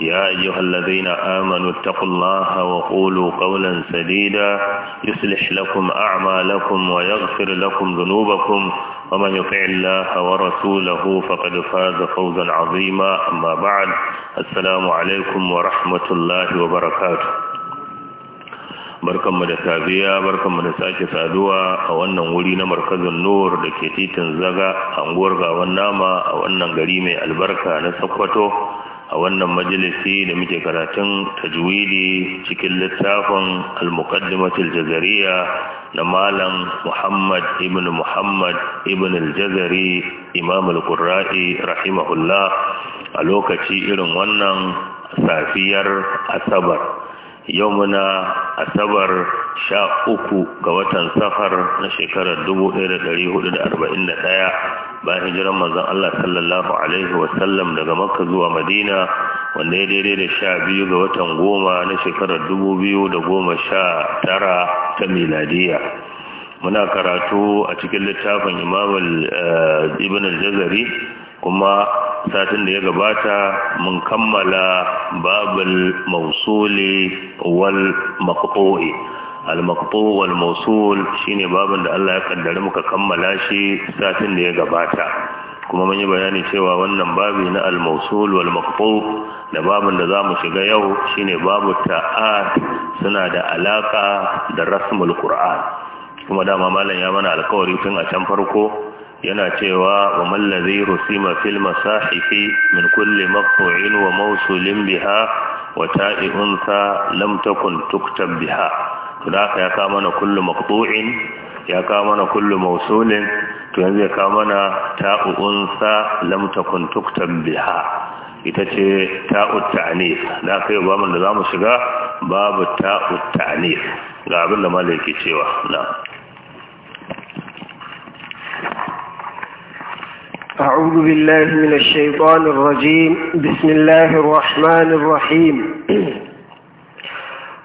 يا أيها الذين آمنوا اتقوا الله وقولوا قولا سديدا يصلح لكم أعمالكم ويغفر لكم ذنوبكم ومن يطع الله ورسوله فقد فاز فوزا عظيما أما بعد السلام عليكم ورحمة الله وبركاته barkanmu da safiya barkanmu da sake saduwa a wannan wuri na markazin nur da ke titin zaga anguwar gawan nama a wannan gari mai albarka na sokoto a wannan majalisi da muke karatun tajwidi cikin littafin al-muqaddimatul jazariya na malam Muhammad ibn Muhammad ibn al-Jazari Imam al-Qurra'i rahimahullah a lokaci irin wannan safiyar Asabar yau muna asabar sha uku ga watan safar na shekarar ɗaya. bayan hijiran manzon Allah sallallahu Alaihi sallam daga makka zuwa madina wanda ya daidai da sha biyu ga watan goma na shekarar tara ta miladiya muna karatu a cikin littafin imamul eh, ibn al-jazari kuma satin da ya gabata mun kammala babul mausuli wal maqtu'i al maqtu' wal mausul shine babin da Allah ya kaddara muka kammala shi satin da ya gabata kuma mun yi bayani cewa wannan babi na al mausul wal maqtu' da babin da zamu shiga yau shine babu ta'at suna da alaka da rasmul qur'an kuma dama malam ya mana alkawari tun a can farko yana cewa wa mallazi rusima fil masahifi min kulli maqtu'in wa mawsulin biha wa ta'i untha lam takun tuktab biha to da ya ka mana kullu maqtu'in ya ka mana kullu mawsulin to yanzu ya ka mana ta'u untha lam takun tuktab biha ita ce ta'u ta'nif da kai ba mun da zamu shiga babu ta'u ta'nif ga abin da malaki cewa na أعوذ بالله من الشيطان الرجيم بسم الله الرحمن الرحيم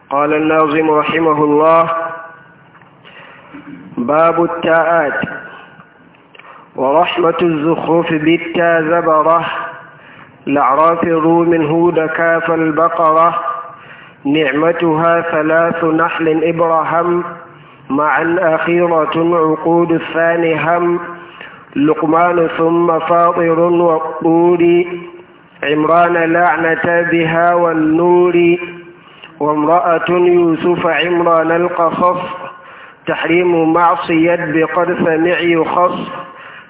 قال الناظم رحمه الله باب التاءات ورحمة الزخرف بالتا زبرة لعراف الروم هود كاف البقرة نعمتها ثلاث نحل إبراهام مع الأخيرة عقود الثاني هم لقمان ثم فاطر والطور عمران لعنة بها والنور وامرأة يوسف عمران القصص تحريم معصية بقد سمع يخص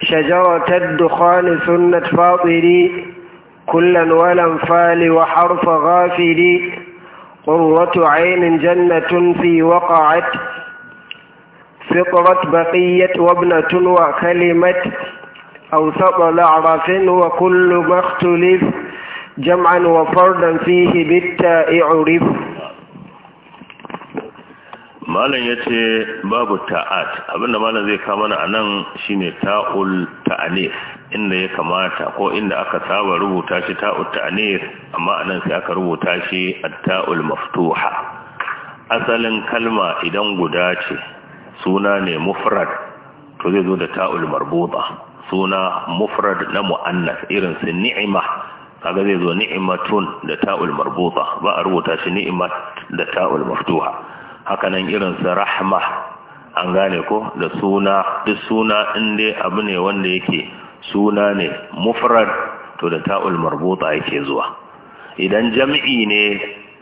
شجرة الدخان سنة فاطري كلا والانفال وحرف غافري قرة عين جنة في وقعت فطرت بقية وابنة وكلمة أوسط لعرف وكل ما اختلف جمعا وفردا فيه بالتاء عرف malam ya ce babu ta'at abinda malam zai kama na anan shine ta'ul ta'anif inda ya kamata ko inda aka saba rubuta shi ta'ul ta'anif amma anan sai aka rubuta shi at-ta'ul maftuha asalin kalma idan guda ce suna ne mufrad to zai zo da ta'ul marbuta suna mufrad na mu'annas irin su ni'ima kaga zai zo ni'imatun da ta'ul marbuta ba a rubuta shi ni'imat da ta'ul maftuha haka nan irin su rahma an gane ko da suna duk suna in dai abu ne wanda yake suna ne mufrad to da ta'ul marbuta yake zuwa idan jami'i ne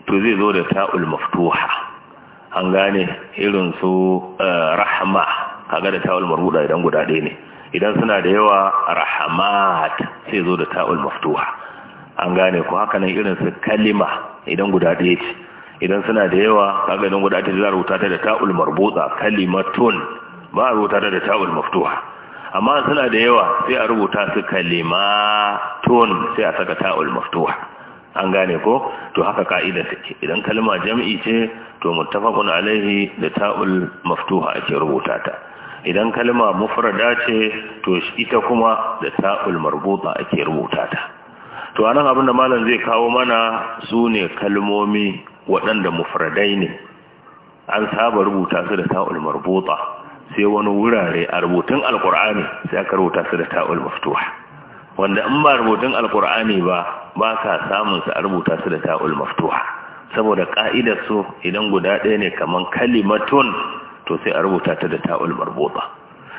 to zai zo da ta'ul maftuha an gane irin su eh, rahama kaga da ta'ul marhuda idan guda ɗaya ne idan suna da yawa rahamat sai zo da ta'ul maftuha an gane ko haka nan irin su kalima idan guda ɗaya ce idan suna da yawa kaga idan guda ɗaya za a rubuta ta da ta'ul marbuta kalimatun ba a rubuta ta da ta'ul maftuha amma suna da yawa sai a rubuta su kalimatun sai a saka ta'ul maftuha an gane ko to haka ka'ida take idan kalma jam'i ce to muttafaqun alaihi da ta'ul maftuha ake rubuta ta idan kalma mufrada ce to ita kuma da ta'ul marbuta ake rubuta ta to anan abin da malam zai kawo mana sune kalmomi waɗanda mufradai ne an saba rubuta su da ta'ul marbuta sai wani wurare a rubutun Alqur'ani sai aka rubuta su da ta'ul maftuha wanda in ba rubutun alkur'ani ba ba ka samun su a rubuta su da ta'ul maftuha saboda ka'idar su idan guda ɗaya ne kamar kalimatun to sai a rubuta ta da ta'ul marbuta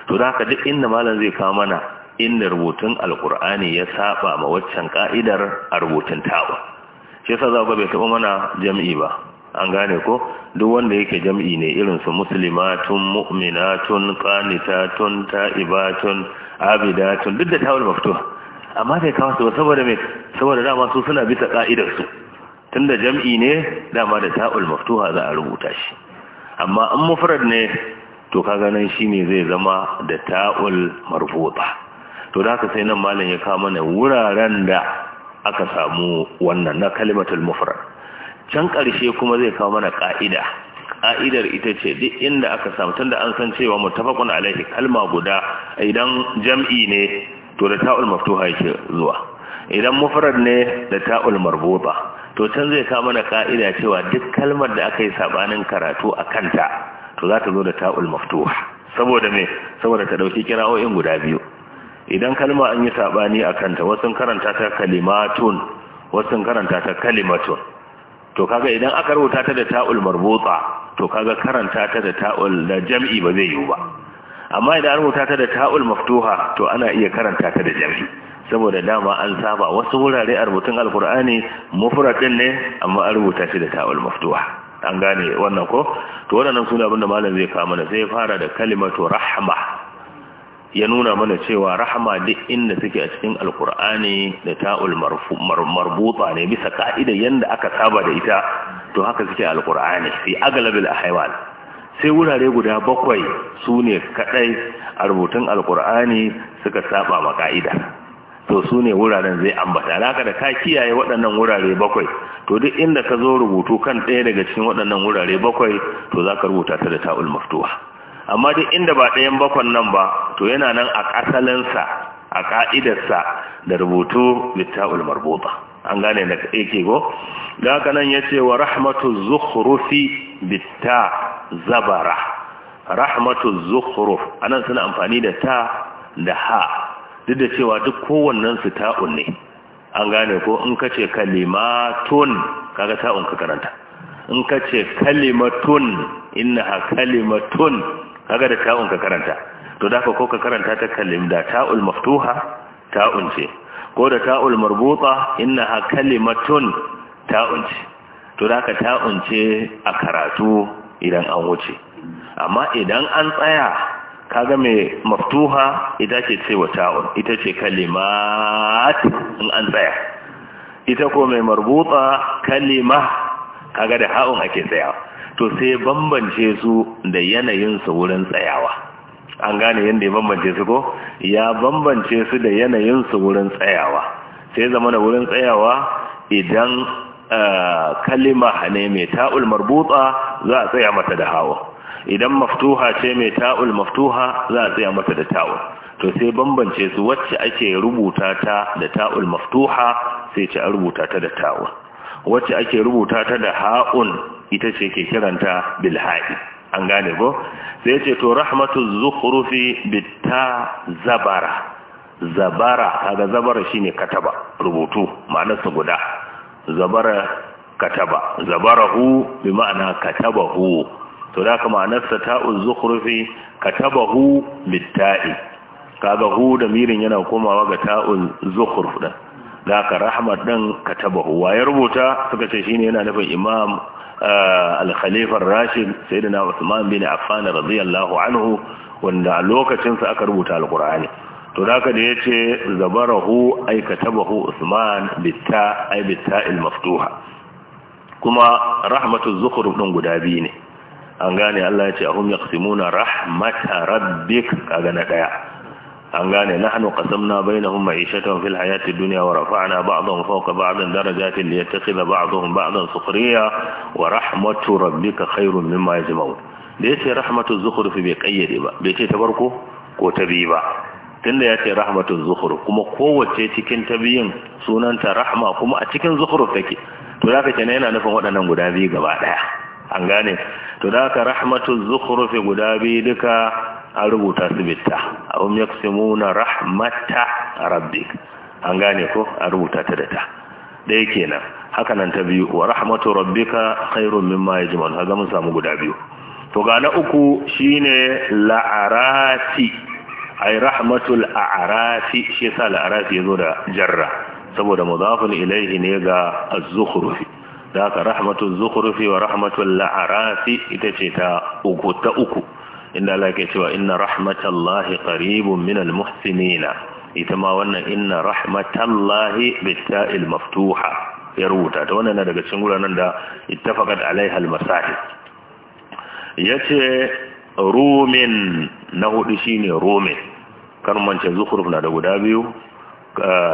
to da ka duk inda malam zai kawo mana inda rubutun alkur'ani ya saba ma waccan ka'idar a rubutun ta'ul shi yasa zaka bai taɓa mana jam'i ba an gane ko duk wanda yake jam'i ne irin su muslimatun mu'minatun qanitatun ta'ibatun abidatun duk da ta'ul maftuha amma bai kawo su saboda mai saboda dama su suna bisa ka'idar su tunda jam'i ne dama da ta'ul maftuha za a rubuta shi amma an mufrad ne to ka kaga nan shine zai zama da ta'ul marfuta to da haka sai nan malam ya kawo mana wuraren da aka samu wannan na kalimatul mufrad can ƙarshe kuma zai kawo mana ƙa'ida ƙa'idar ita ce duk inda aka samu tunda an san cewa muttafaqun alaihi kalma guda idan jam'i ne to da ta'ul maftuha yake zuwa idan mufrad ne da ta'ul marbuta to can zai ka mana ka'ida cewa duk kalmar da aka yi sabanin karatu a kanta to za ta zo da ta'ul maftuha saboda me saboda ta dauki kira'o'in guda biyu idan kalma an yi sabani a kanta wasu karanta ta kalimatun wasu karanta ta kalimatun to kaga idan aka rubuta ta da ta'ul marbuta to kaga karanta ta da ta'ul da jam'i ba zai yiwu ba amma idan an rubuta ta da ta'ul maftuha to ana iya karanta ta da jami saboda dama an saba wasu wurare a rubutun alkur'ani mufradin ne amma an rubuta shi da ta'ul maftuha an gane wannan ko to wannan sunan abinda malam zai kawo mana zai fara da kalimatu rahma ya nuna mana cewa rahma duk inda suke a cikin alkur'ani da ta'ul marbuta ne bisa ka'ida yanda aka saba da ita to haka suke alkur'ani fi aglabil ahwal sai wurare guda bakwai su ne kadai a rubutun alkur'ani suka saba ma ka'ida to su ne wuraren zai ambata haka da ka kiyaye waɗannan wurare bakwai to duk inda ka zo rubutu kan ɗaya daga cikin waɗannan wurare bakwai to za ka rubuta ta da ta'ul maftuwa amma duk inda ba ɗayan bakwan nan ba to yana nan a ƙasalinsa, a ƙa'idarsa da rubutu ta'ul marbuta an gane da ke go da haka nan ce wa rahmatu zukhrufi bitta zabara rahmatu zukhruf anan suna amfani da ta da ha duk da cewa duk kowannen su ta'un ne an gane ko in kace kalimatun kaga ta'un ka karanta in kace kalimatun innaha kalimatun kaga da ta'un ka karanta to da ko ka karanta ta kalim da ta'ul maftuha ta'un ce ko da ta'ul marbuta innaha kalimatun ta'un ce to da ka ta'un ce a karatu idan an wuce amma idan an tsaya kaga mai maftuha ita ce wa ta'un ita ce kalimat in an tsaya ita ko mai marbuta kalima kaga da ha'un ake tsaya to sai bambance su da yanayinsu wurin tsayawa an gane yadda ya bambance su ko ya bambance su da yanayinsu wurin tsayawa sai zama da wurin tsayawa idan kalima ne mai ta'ul marbuta za a tsaya mata da hawa idan maftuha ce mai ta'ul maftuha za a tsaya mata da ta'ul to sai bambance su wacce ake rubuta ta da ta'ul maftuha sai ce a rubuta ta da ta'ul wacce ake rubuta ta da ha'un ita ce ke kiranta bil an gane ko sai ce to rahmatu zukhrufi bitta zabara zabara kaga zabara shine kataba rubutu ma'anarsa guda zabara kataba zabarahu bi ma'ana katabahu to da kuma anasta ta'u zukhrufi katabahu bitta'i kaga hu da mirin yana komawa ga ta'u zukhruf da da ka rahmat din katabahu wa ya rubuta suka ce shine yana nufin imam eh, al-khalifa ar-rashid sayyidina usman bin Affan radiyallahu anhu wanda a lokacin sa aka rubuta al-Qur'ani to da da ya ce zabarahu aikatabahu usman bitta ai bitta il maftuha kuma rahmatu zukhruf ɗin guda biyu ne an gane Allah ya ce ahum na rahmata rabbik kaga na ɗaya. an gane nahnu qasamna bainahum ma'ishatan fil hayati dunya wa rafa'na da fawqa ba'din darajatin liyattakhidha a ba'dan sukhriya wa rahmatu rabbika khairun ya yajma'un da yace rahmatu fi bai kayyade ba bai ce ta farko ko ta biyu ba tunda ya ce rahmatun zuhuru kuma kowace cikin ta biyun sunanta rahma kuma a cikin zuhuru take to za ka na yana nufin waɗannan guda biyu gaba ɗaya an gane to da ka rahmatun zuhuru fi guda biyu duka an rubuta su bitta abin ya rahmata rabbik an gane ko an rubuta ta da ta ɗaya kenan haka nan ta biyu wa rahmatu rabbika khairun mimma yajma'un kaga mun samu guda biyu to ga na uku shine la'arati ay rahmatul a'rafi shi yasa arafi yazo da jarra saboda mudafun ilaihi ne ga az-zukhrufi da ka rahmatul zukhrufi wa rahmatul la'arafi ita ce ta uku ta uku inda Allah ke cewa inna rahmatallahi qaribun minal muhsinina ita ma wannan inna rahmatallahi bitta'il maftuha ya rubuta ta wannan na daga cikin guranan da ittafaqat alaiha al-masahib yace rumin na hudu shine rumin karmance zuhruf na da guda biyu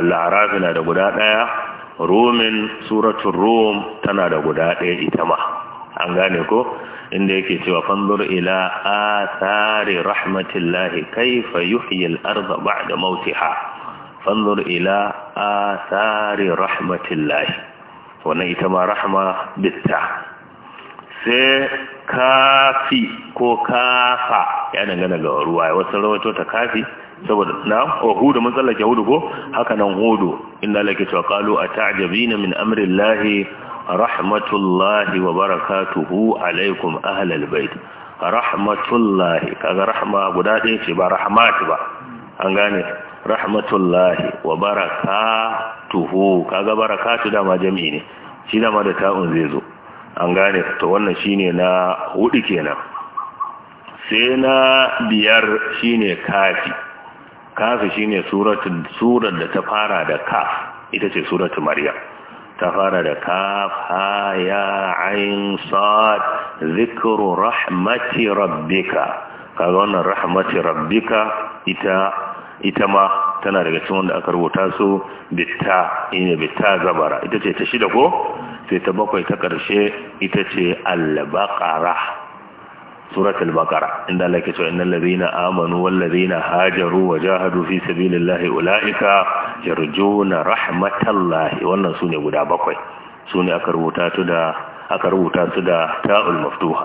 Larafi na da guda ɗaya rumin suratun rum tana da guda ɗaya ita ma an gane ko inda yake cewa fanzur ila athari rahmatillahi kaifa yuhyi al-ardha ba'da mautiha fanzur ila athari rahmatillahi wannan ita ma rahma bitta sai kafi ko kafa ya dangana ga ruwa wasu rawato ta kafi saboda na wa oh, hudu mun tsallake hudu ko haka nan hudu inda lake cewa qalu ata'jabina min amri lahi rahmatullahi wa barakatuhu alaikum ahlal bait rahmatullahi kaga rahma guda ɗaya ce ba rahmat ba an gane rahmatullahi wa barakatuhu kaga barakatu dama jami'i ne shi dama da ta'un zai zo an gane to wannan shine na hudu kenan sai na biyar shine kafi kafi shine suratul surar da ta fara da kaf ita ce suratul maryam ta fara da kaf ha ya ain sad zikru rahmati rabbika kaga wannan rahmati rabbika ita ita ma tana daga cikin wanda aka rubuta su bitta ina bitta zabara ita ce ta shida ko sai ta bakwai ta karshe ita ce al surat al-baqara inda Allah ke cewa innal ladhina amanu wal ladhina hajaru wa jahadu fi sabilillahi ulaika yarjuna rahmatallahi wannan sune guda bakwai sune aka rubuta su da aka rubuta su da ta'ul maftuha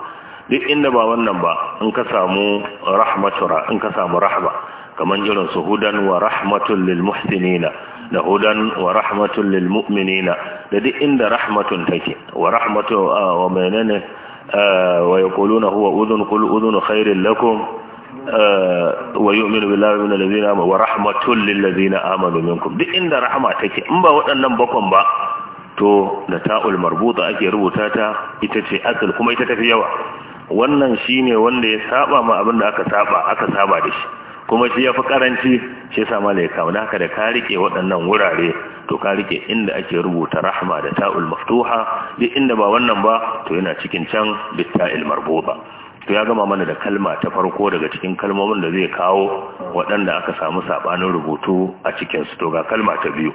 duk inda ba wannan ba in ka samu rahmatura in ka samu rahma kaman jiran su hudan wa rahmatul lil muhsinina da hudan wa rahmatul lil mu'minina da duk inda rahmatun take wa rahmatu ah, wa menene wa yaquluna huwa udhun qul udhun khairul lakum wa yu'minu billahi min allazina amanu wa rahmatul lil ladzina amanu minkum duk inda rahama take in ba waɗannan bakon ba to da ta'ul marbuta ake rubuta ta ita ce asal kuma ita tafi yawa wannan shine wanda ya saba ma abin da aka saba aka saba da shi kuma shi yafi karanci shi yasa malai kawo da haka da ka rike waɗannan wurare to ka rike inda ake rubuta rahma da ta'ul maftuha duk inda ba wannan ba to yana cikin can bitta'il marbuta to ya gama mana da kalma ta farko daga cikin kalmomin da zai kawo waɗanda aka samu sabanin rubutu a cikin su to ga kalma ta biyu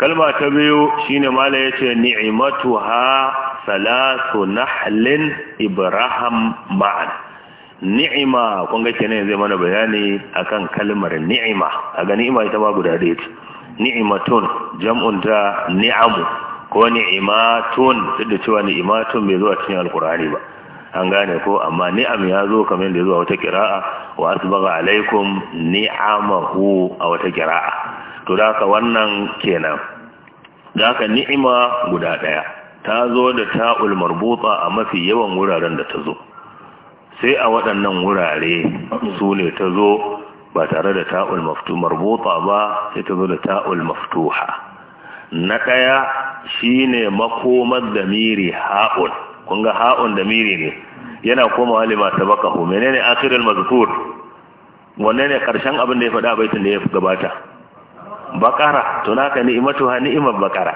kalma ta biyu shine mala yace ni'matuha salasu nahlin ibrahim ma'an ni'ima kun ga kenan zai mana bayani akan kalmar ni'ima a ga ni'ima ita ma guda ɗaya ce ni'imatun jam'un da ni'amu ko ni'imatun duk da cewa ni'imatun bai zo a cikin alkur'ani ba an gane ko amma ni'am ya zo kamar da zuwa wata kira'a wa asbaga alaikum ni'amahu a wata kira'a to da wannan kenan da haka ni'ima guda daya ta zo da ta'ul marbuta a mafi yawan wuraren da ta zo sai a waɗannan wurare su ne ta zo ba tare da ta'ul maftu marbuta ba sai ta zo da ta'ul maftuha na ɗaya shine makomar damiri ha'un kun ga ha'un damiri ne yana koma komawa lima hu menene akhirul mazkur wanne ne karshen abin da ya faɗa baitin da ya gabata bakara to naka ni'imatu ha ni'imar bakara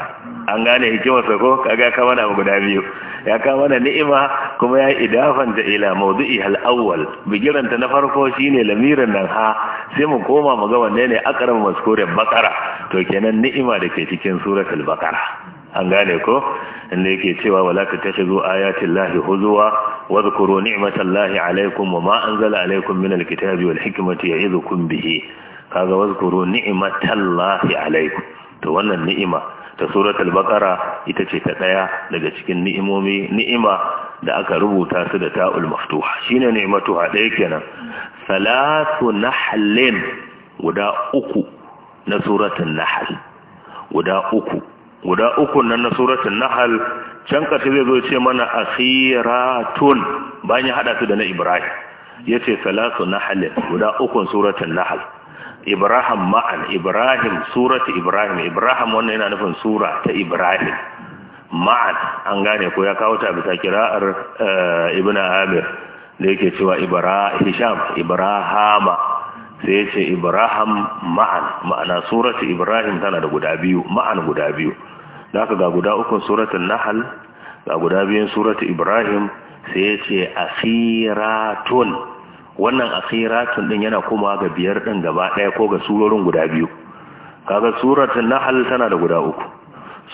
an gane hikimar sako kaga ka mana guda biyu ya kama mana ni'ima kuma ya idafanta ila mawdu'i hal awwal bigiranta na farko shine lamirin nan ha sai mu koma mu ga wanne ne akram maskurin bakara to kenan ni'ima da ke cikin suratul bakara an gane ko inda yake cewa wala tatashizu ayatin lahi huzuwa واذكروا نعمة الله عليكم وما أنزل عليكم من الكتاب والحكمة يعظكم به kaga wazkuru lahi alaikum to wannan ni'ima ta suratul baqara ita ce ta daya daga cikin ni'imomi ni'ima da aka rubuta su da ta'ul maftuha shine ni'matuha daya kenan salatu nahlin guda uku na suratul nahl guda uku guda uku nan na suratul nahl can kace zai zo ce mana akhiratun bayan ya hada su da na ibrahim yace salatu nahlin guda ukun suratul nahl ibrahim ma'an ibrahim suratu ibrahim ibrahim wannan yana nufin sura ta ibrahim ma'an an gane ko ya kawo ta bisa kira'ar eh, ibn amir da yake cewa hisham ibrahama sai ce ibrahim ma'an ma'ana suratu ibrahim tana da guda biyu ma'an guda biyu da aka ga guda ukun suratun nahal ga guda biyun suratu ibrahim sai ce asiratun wannan akhiratun din yana komawa ga biyar din gaba daya ko ga surorin guda biyu kaga suratul nahl tana da guda uku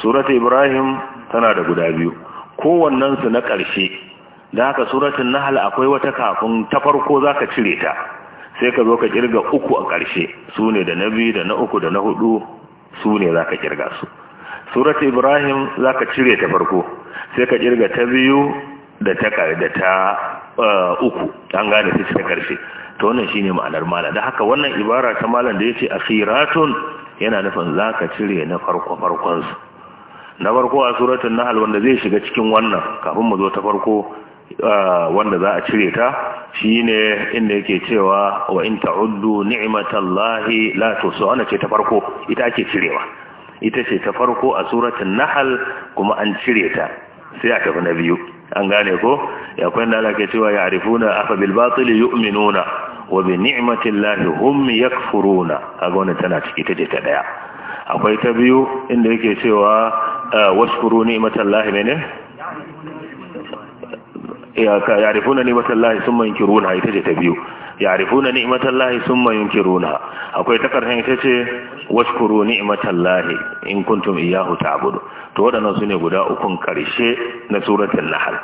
suratul ibrahim tana da guda biyu kowannen su na karshe. da haka suratul nahl akwai wata kafin ta farko zaka cire ta sai ka zo ka kirga uku a karshe sune da na biyu da na uku da na hudu sune zaka kirga su suratul ibrahim zaka cire ta farko sai ka kirga ta biyu da ta da ta Eh, uku an gane ta ta karshe to wannan shine ma'anar malam da haka wannan ibara ta malam da yace akhiratun yana nufin zaka cire na farko farkon su na farko a suratul nahl wanda zai shiga cikin wannan kafin mu zo ta farko eh, wanda za a cire ta shine inda yake cewa wa in ta'uddu ni'matallahi la tusu ana ce ta farko ita ake cirewa ita ce ta farko a suratul nahl kuma an cire ta sai a tafi na biyu an gane ko ya kwanda Allah ke cewa ya arifuna afa bil batili yu'minuna wa bi ni'mati llahi hum yakfuruna kaga wannan tana ciki ta ta ɗaya. akwai ta biyu inda yake cewa washkuru ni'matallahi ne. yarifuna ni'matallahi summa yunkiruna ita ce ta biyu yarifuna ni'matallahi summa yunkiruna akwai ta karshen ita ce washkuru ni'matallahi in kuntum iyyahu ta'budu to wadannan sune guda ukun karshe na suratul nahl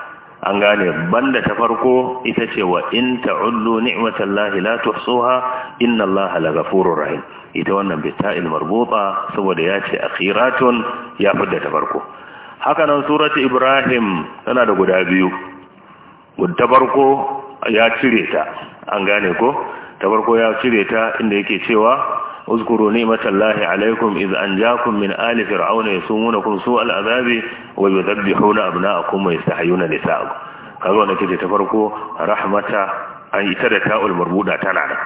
an gane banda ta farko ita ce wa in ta'ullu ni'matallahi la tuhsuha innallaha laghafurur rahim ita wannan bita'il marbuta saboda ya ce akhiratun ya da ta farko haka nan ibrahim tana da guda biyu ta farko ya cire ta an gane ko ta farko ya cire ta inda yake cewa uzkuru ni'matallahi alaikum iz anjakum min ali fir'auna yasumunakum su'al azabi wa yudhabbihuna abna'akum wa yastahyuna nisa'akum kaga wannan kace ta farko rahmata an ita da ta'ul marbuda tana da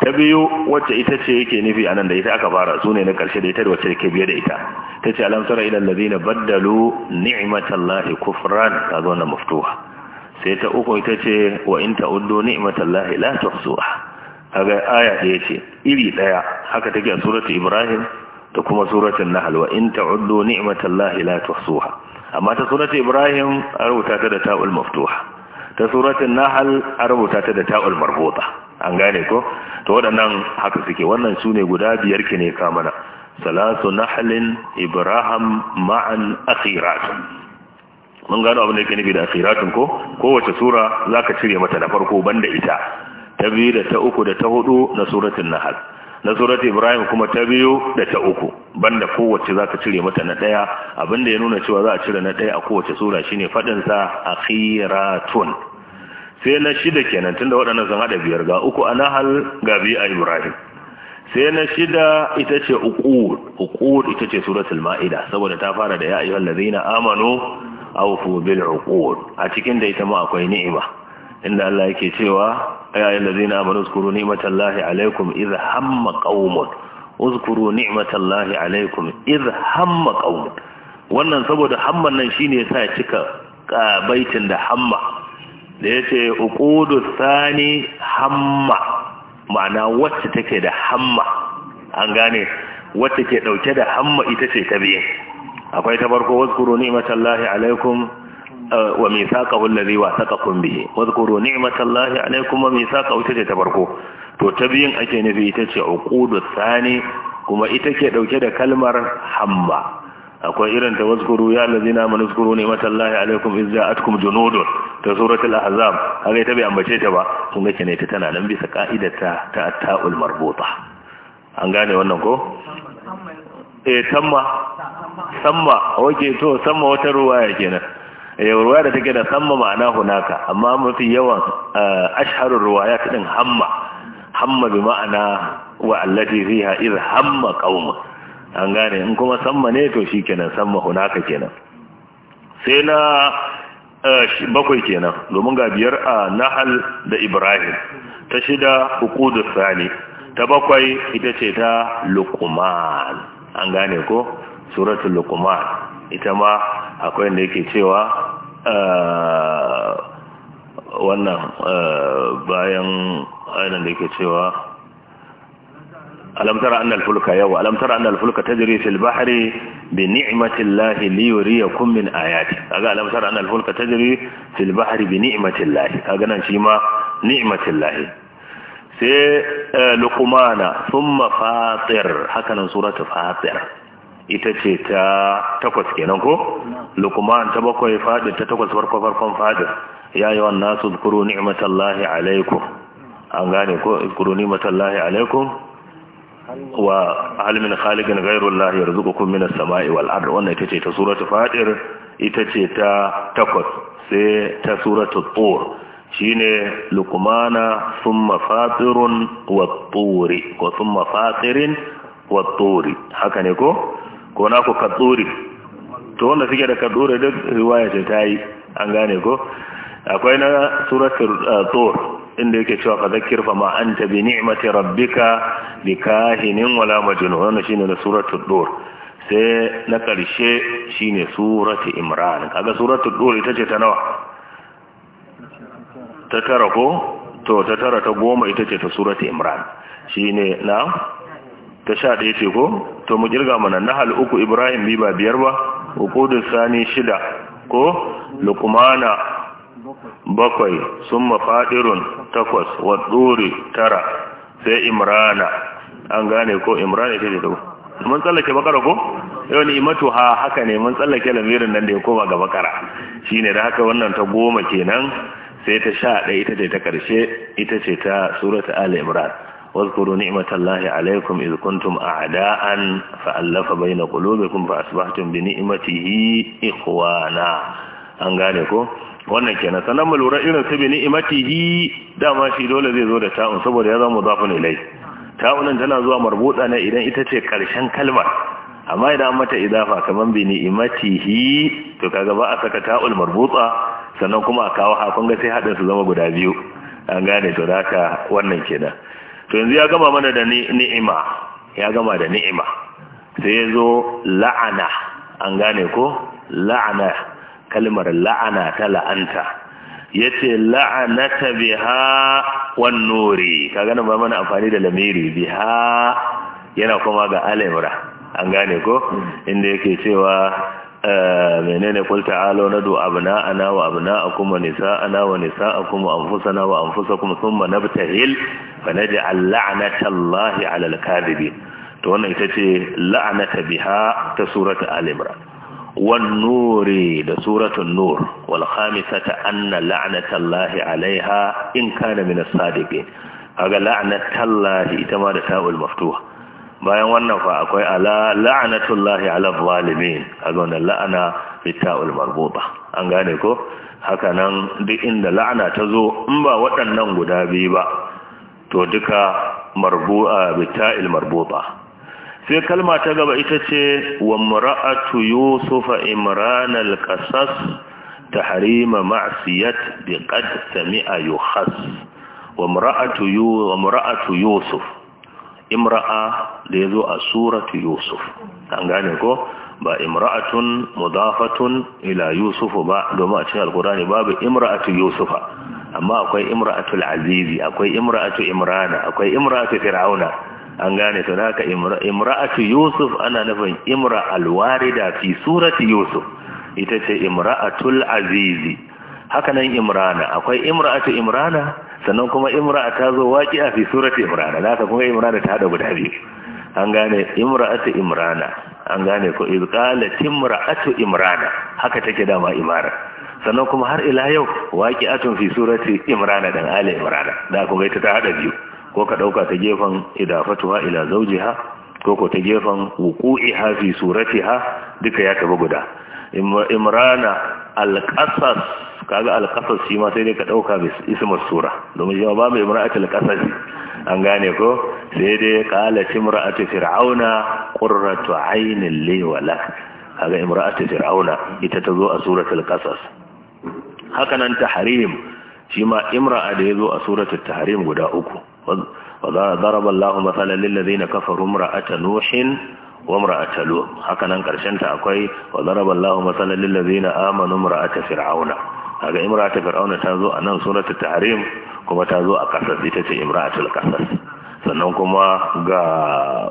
ta biyu wacce ita ce yake nufi anan da ita aka fara su ne na karshe da ita da wacce yake biye da ita ta ce alamsara ilan lazina baddalu ni'imatallahi kufran ta zo na maftuha sai ta uku ita ce wa in ta'uddu ni'matallahi la tuhsuha kaga aya ɗaya ce iri ɗaya haka take a suratul ibrahim da kuma suratul nahl wa in ta'uddu ni'matallahi la tuhsuha amma ta suratul ibrahim a rubuta ta da ta'ul maftuha ta suratul nahl a rubuta ta da ta'ul marbuta an gane ko to waɗannan haka suke wannan sune guda biyar ke ne ka mana salatu nahlin ibrahim ma'an akhirat mun gano abin da yake nufi da siratun ko kowace sura zaka cire mata na farko banda ita ta biyu da ta uku da ta hudu na suratul nahl na suratun ibrahim kuma ta biyu da ta uku banda kowace zaka cire mata na daya da ya nuna cewa za a cire na daya a kowace sura shine fadin sa akhiratun sai na shida kenan tunda waɗannan sun hada biyar ga uku a nahal ga biyu a ibrahim sai na shida ita ce uku, uku ita ce suratul maida saboda ta fara da ya ayyuhallazina amanu awfu bil uqud a cikin da ita ma akwai ni'ima inda Allah yake cewa ya ayyuhallazina amanu zkuru ni'matallahi alaykum idh hamma qaumun uzkuru ni'matallahi alaykum idh hamma qaumun wannan saboda hamman nan shine yasa ya cika baitin da hamma da yace uqudu thani hamma ma'ana wacce take da hamma an gane wacce ke dauke da hamma ita ce ta akwai ta farko wazkuru ni'matallahi alaikum eh, wa mithaqahu alladhi wathaqakum bihi wazkuru ni'matallahi alaikum wa mithaqahu ita ce ta farko to ta biyin ake nufi ita ce uqudu tsani kuma ita ke dauke da kalmar hamma akwai irin ta wazkuru ya lazina mana zkuru ne matallahi alaikum iz ja'atkum junudun ta suratul ahzab har ita bai ambace ta ba kun ga ne ta tana nan bisa ka'idata ta ta'ul marbuta an gane wannan ko eh tamma samma wake to samma wata ruwa ruwaya kenan eh, ruwa da take da samma ma'ana hunaka amma mafi yawan eh, ashharu ruwa ya din hamma hamma bi ma'ana wa allati fiha iri hamma qaum an gane in kuma samma ne to kenan, samma hunaka kenan sai na eh, bakwai kenan domin ga biyar a nahal da ibrahim ta shida hukudu sani ta bakwai ita ce ta lukuman an gane ko suratul luqman ita ma akwai wanda yake cewa ah, wannan ah, bayan ayyana yake cewa alam tara anna al-fulka yaw alam tara anna al-fulka tajri fil bahri bi ni'mati llahi li yuriyakum min ayati kaga alam tara anna al-fulka tajri fil bahri bi ni'mati llahi kaga nan shi ma ni'mati llahi sai ah, luqmana thumma fatir haka nan surata fatir ita ce ta takwas kenan ko lukman ta bakwai faɗi ta takwas farko farkon fadin ya yi wannan su kuro ni'matallahi alaikum an gane ko kuro ni'matallahi alaikum wa halmin khaliqin ghairullahi yarzuqukum minas sama'i wal ard wannan ita ce ta suratul fatir ita ce ta takwas sai ta suratul tur shine luqmana thumma fatirun wat turi ko thumma fatirin wat turi haka ne ko ko na ku katsuri to wanda suke da katsuri duk riwaya ce ta yi an gane ko akwai na suratul uh, tur inda yake cewa ka zakir fa ma anta bi ni'mati rabbika bi kahinin wala majnun wannan shine na suratul tur sai na karshe shine surati imran kaga suratul tur ita ce ta nawa ta tara ko to ta tara ta goma ita ce ta surati imran shine na ta sha ɗaya ce ko to mu kirga mana nahal uku ibrahim bi ba biyar ba hukudun sani shida ko lukumana bakwai sun mafaɗirun takwas wadduri tara sai imrana an gane ko imrana ita ce ta mun tsallake bakara ko yau ni imatu ha haka ne mun tsallake lamirin nan da ya koma ga bakara shine da haka wannan ta goma kenan sai ta sha ɗaya ita ce ta karshe ita ce ta surata al imran واذكروا نعمة الله عليكم إذ كنتم أعداء فألف بين قلوبكم فأصبحتم بنعمته إخوانا ko. wannan kenan sannan mu lura irin su bi dama shi dole zai zo da ta'un saboda ya zama mudafun ilai nan tana zuwa marbuta ne idan ita ce karshen kalmar amma idan mata idafa kaman bi ni'imatihi to kaga ba a saka ta'ul marbuta sannan kuma a kawo hakun ga sai hadin su zama guda biyu an gane to da haka wannan kenan to yanzu ya gama mana da ni'ima ya gama da ni'ima sai ya zo la'ana an gane ko la'ana kalmar la'ana ta la'anta ya ce la'anata biha wan nuri ka gani ba mana amfani da lamiri biha yana kuma ga al'imra an gane ko inda yake cewa Eh, menene kulta na ta'alu abna ana wa abna'akum wa ana wa nisa'akum wa anfusana wa anfusakum thumma nabtahil fa naj'al 'ala 'alal kadhibin to wannan ita ce la'nata biha ta surata al-imran wan nuri da suratul nur wal khamisata anna la'natallahi alaiha in kana min as-sadiqin la'nata la'natallahi ita ma da ta'ul maftuha bayan wannan fa akwai ala la'anatullahi ala zalimin kaga wannan la'ana bita'ul marbuta an gane ko haka nan duk inda la'ana ta zo in ba waɗannan guda biyu ba to duka marbu'a bita'il marbuta sai kalma ta gaba ita ce wa Yusuf yusufa imran al-qasas tahrima ma'siyat biqad sami'a yuhas wa mar'atu yusuf imra'a da ya zo a suratu yusuf an gane ko ba imra'atun mudafatun ila yusufu ba domin a cikin alkurani babu imra'atu yusufa amma akwai imra'atu azizi akwai imra'atu imrana akwai imra'atu fir'auna an gane to haka imra'atu yusuf ana nufin imra alwarida fi surati yusuf ita ce imra'atul azizi hakanan nan imrana akwai imra'atu imrana sannan kuma imra'a ta zo a fi surat imrana, da ka kuma imrana ta hada guda biyu an gane imra ta imrana an gane ko iz timra ta imrana haka take dama imara sannan kuma har ila yau waqi'atun fi surat imrana dan ala imrana da kuma ita ta hada biyu ko ka dauka ta gefen idafatuha ila zawjiha ko ko ta gefen wuqu'iha fi suratiha duka ya taba guda imrana alƙasas kaga alƙasas shi ma sai dai ka ɗauka ismar sura domin shi ma babu imra'atu alƙasas an gane ko sai dai qala imra'atu fir'auna qurratu aynin li wa lak kaga imra'atu fir'auna ita ta zo a suratul qasas haka nan tahrim shi ma imra'a da zo a suratul tahrim guda uku wa daraba Allahu mathalan lil ladina kafaru imra'ata nuhin wa mar'ata haka nan karshen ta akwai wa daraba Allahu masalan lil ladina amanu mar'ata fir'auna kaga imra'ata fir'auna ta zo a nan suratul tahrim kuma ta zo a kasas ita ce imra'atul kasas sannan kuma ga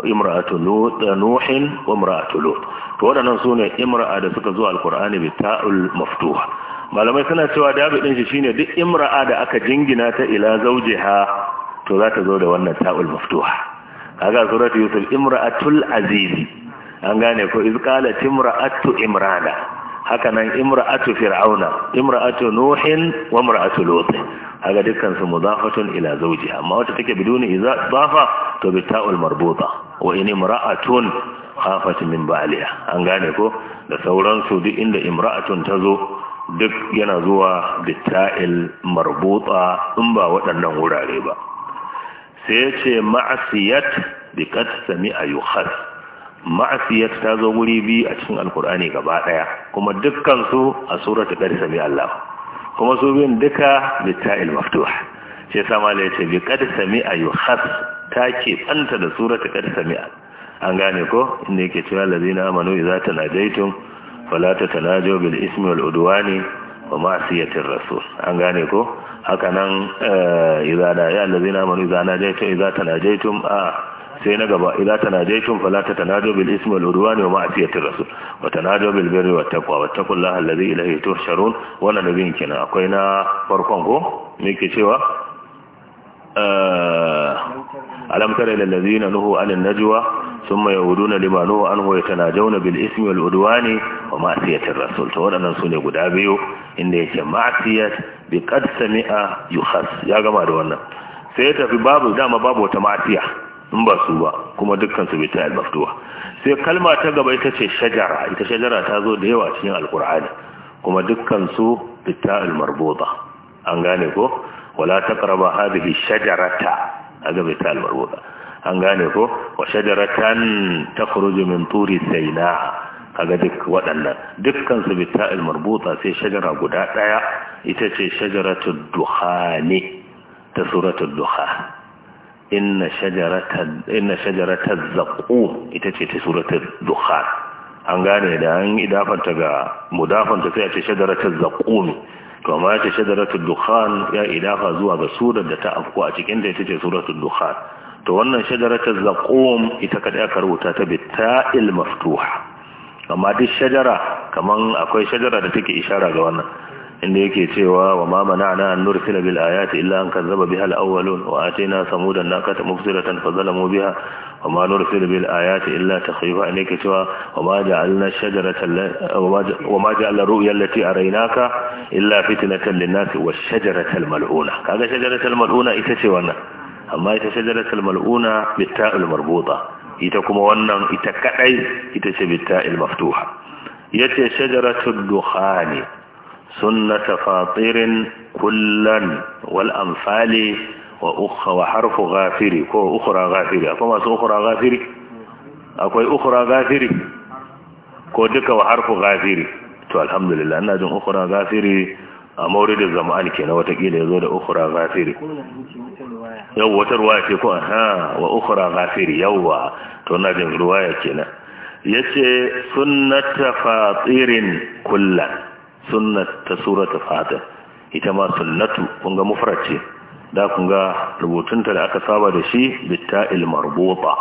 imra'atu nuhin wa imra'atu lut to waɗannan sune imra'a da suka zo alqur'ani bi ta'ul maftuha malamai suna cewa dabi din shi shine duk imra'a da aka jingina ta ila zawjiha to za ta zo da wannan ta'ul maftuha kaga suratu yusuf imra'atul azizi an gane ko iz qalat imra'atu imrana haka nan imra'atu fir'auna imra'atu nuhin wa imra'atu lut Haga dukkan su mudafatun ila zawjiha amma wata take biduni idafa to bi ta'ul marbuta wa in imra'atun khafat min ba'liha an gane ko da sauransu duk inda imra'atun tazo duk yana zuwa bitta'il marbuta in ba waɗannan wurare ba sai ya ce ma'asiyat bi kad sami a yukhar ma'asiyat ta zo wuri biyu a cikin alkur'ani gaba daya kuma dukkan su a suratu qad sami Allah kuma su biyun duka bi ta'il sai sama da yace bi kad sami a yukhar ta ke tsanta da suratu qad sami an gane ko inda yake cewa lazina amanu idza falata ta tatanajaw bil ismi wal udwani wa masiyatir rasul an gane ko haka nan eh, idza da ya allazina amanu idza najaytum idza tanajaytum a sai na gaba idza tanajaytum fala tatanaju bil ismi wal ne wa ma'siyatir rasul wa tanaju bil birri wat taqwa wattaqullaha allazi ilayhi tuhsharun wannan nabin kina akwai na farkon ko me ke cewa eh, alam tara ilal nuhu anin najwa ثم يعودون لما نوى عنه ويتناجون بالاسم والعدوان ومعصية الرسول تو waɗannan sune guda biyu inda yake ma'siyat bi qad sami'a yukhas ya gama da wannan sai ya tafi babu da ma babu ta ma'siya in ba su ba kuma dukkan su bi ta al-maftuha sai kalma ta gaba ita ce shajara ita shajara ta zo da yawa cikin alqur'ani kuma dukkan su bi ta al an gane ko wala taqrabu hadhihi shajarata aga bi ta al-marbuta an gane ko wa shajaratan takhruju min turi sayna kaga duk waɗannan dukkan su bitta'il marbuta sai shajara guda ɗaya ita ce shajaratul dukhani ta suratul dukhan inna shajaratal inna shajaratal zaqum ita ce ta suratul dukhan an gane da an idafanta ga mudafanta sai a ce shajaratul zaqum to amma ya ce shajaratul dukhan ya idafa zuwa ga surar da ta afku a cikin da ita ce suratul dukhan to wannan shajaratar zaqum ita kaɗai aka rubuta ta bitta'il maftuha amma duk shajara kaman akwai shajara da take ishara ga wannan inda yake cewa wa a mana'na an nursila bil ayati illa an kazzaba biha al awwalun wa da na naqata mubsiratan fa zalamu biha wa ma nursila bil ayati illa takhwifa ne ke cewa wa ma ja'alna shajarata wa ma a rainaka, illa fitnatan lin-nasi wash mal'una kaga shajarata mal'una ita ce wannan amma ita shajaratul mal'una bitta'il marbuta ita kuma wannan ita kadai ita ce bitta'il maftuha yace shajaratud dukhani sunnata fatirin kullan wal amsali wa ukha wa harfu ghafiri ko ukhra ghafiri akwai masu ukhra ghafiri akwai ukhra ghafiri ko duka wa harfu ghafiri to alhamdulillah ina jin ukhra ghafiri a mauridin zama'an na watakila ya zo da ukura ghafiri yau wata ruwaya ce ko ha wa ukura ghafiri yawwa to na jin ruwaya kenan yace sunnata fatirin kullan sunnata surata fatir ita ma sunnatu Kunga ga ce da kunga rubutunta da aka saba da shi bitta'il marbuta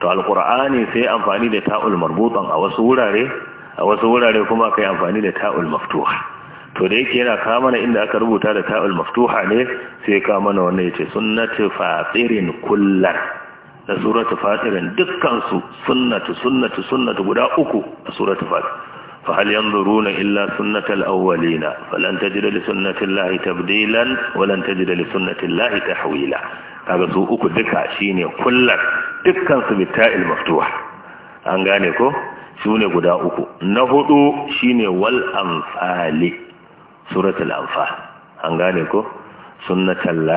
to alqur'ani sai amfani da ta'ul marbutan a wasu wurare a wasu wurare kuma kai amfani da ta'ul maftuha to da yake yana kawo mana inda aka rubuta da ta'ul maftuha ne sai ya kawo mana wannan yace sunnatu fatirin kullar da suratu fatirin dukkan su sunnatu sunnatu sunnatu guda uku a suratu fatir fa hal yanzuruna illa sunnatal awwalina falan tajida li sunnatillahi tabdilan wa lan tajida li sunnatillahi tahwila kaga su uku duka shine kullar dukkan su bita'il maftuha an gane ko su guda uku na hudu shine wal amsali suratul anfal an gane ko sunnatul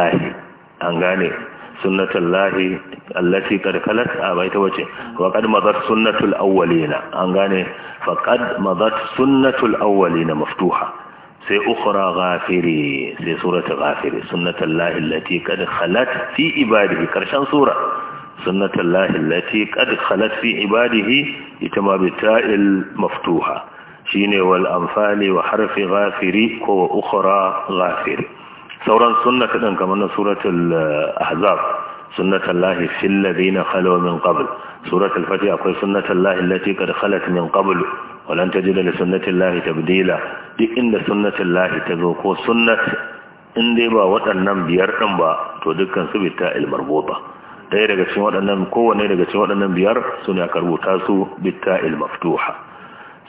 an gane sunnatul lahi allati qad khalat a ta wace wa qad madat sunnatul awwalina an gane fa qad madat sunnatul awwalina maftuha sai ukhra ghafiri sai suratul ghafiri sunnatul lahi allati qad khalat fi ibadihi karshen sura sunnatul lahi allati qad khalat fi ibadihi ita ma bita'il maftuha shine wal amfali wa harfi ghafiri ko wa ukhra ghafir sauran sunna kadan kamar na suratul eh, ahzab sunnatul lahi fil ladina khalu min qabl suratul Fati akwai sunnatul lahi allati qad khalat min qabl wa lan tajida li sunnatil lahi tabdila duk inda sunnatul lahi ta zo ko sunnat in dai ba waɗannan biyar din ba to dukkan su bita il marbuta ɗaya daga cikin waɗannan kowanne daga cikin waɗannan biyar suna karbuta su bitta il maftuha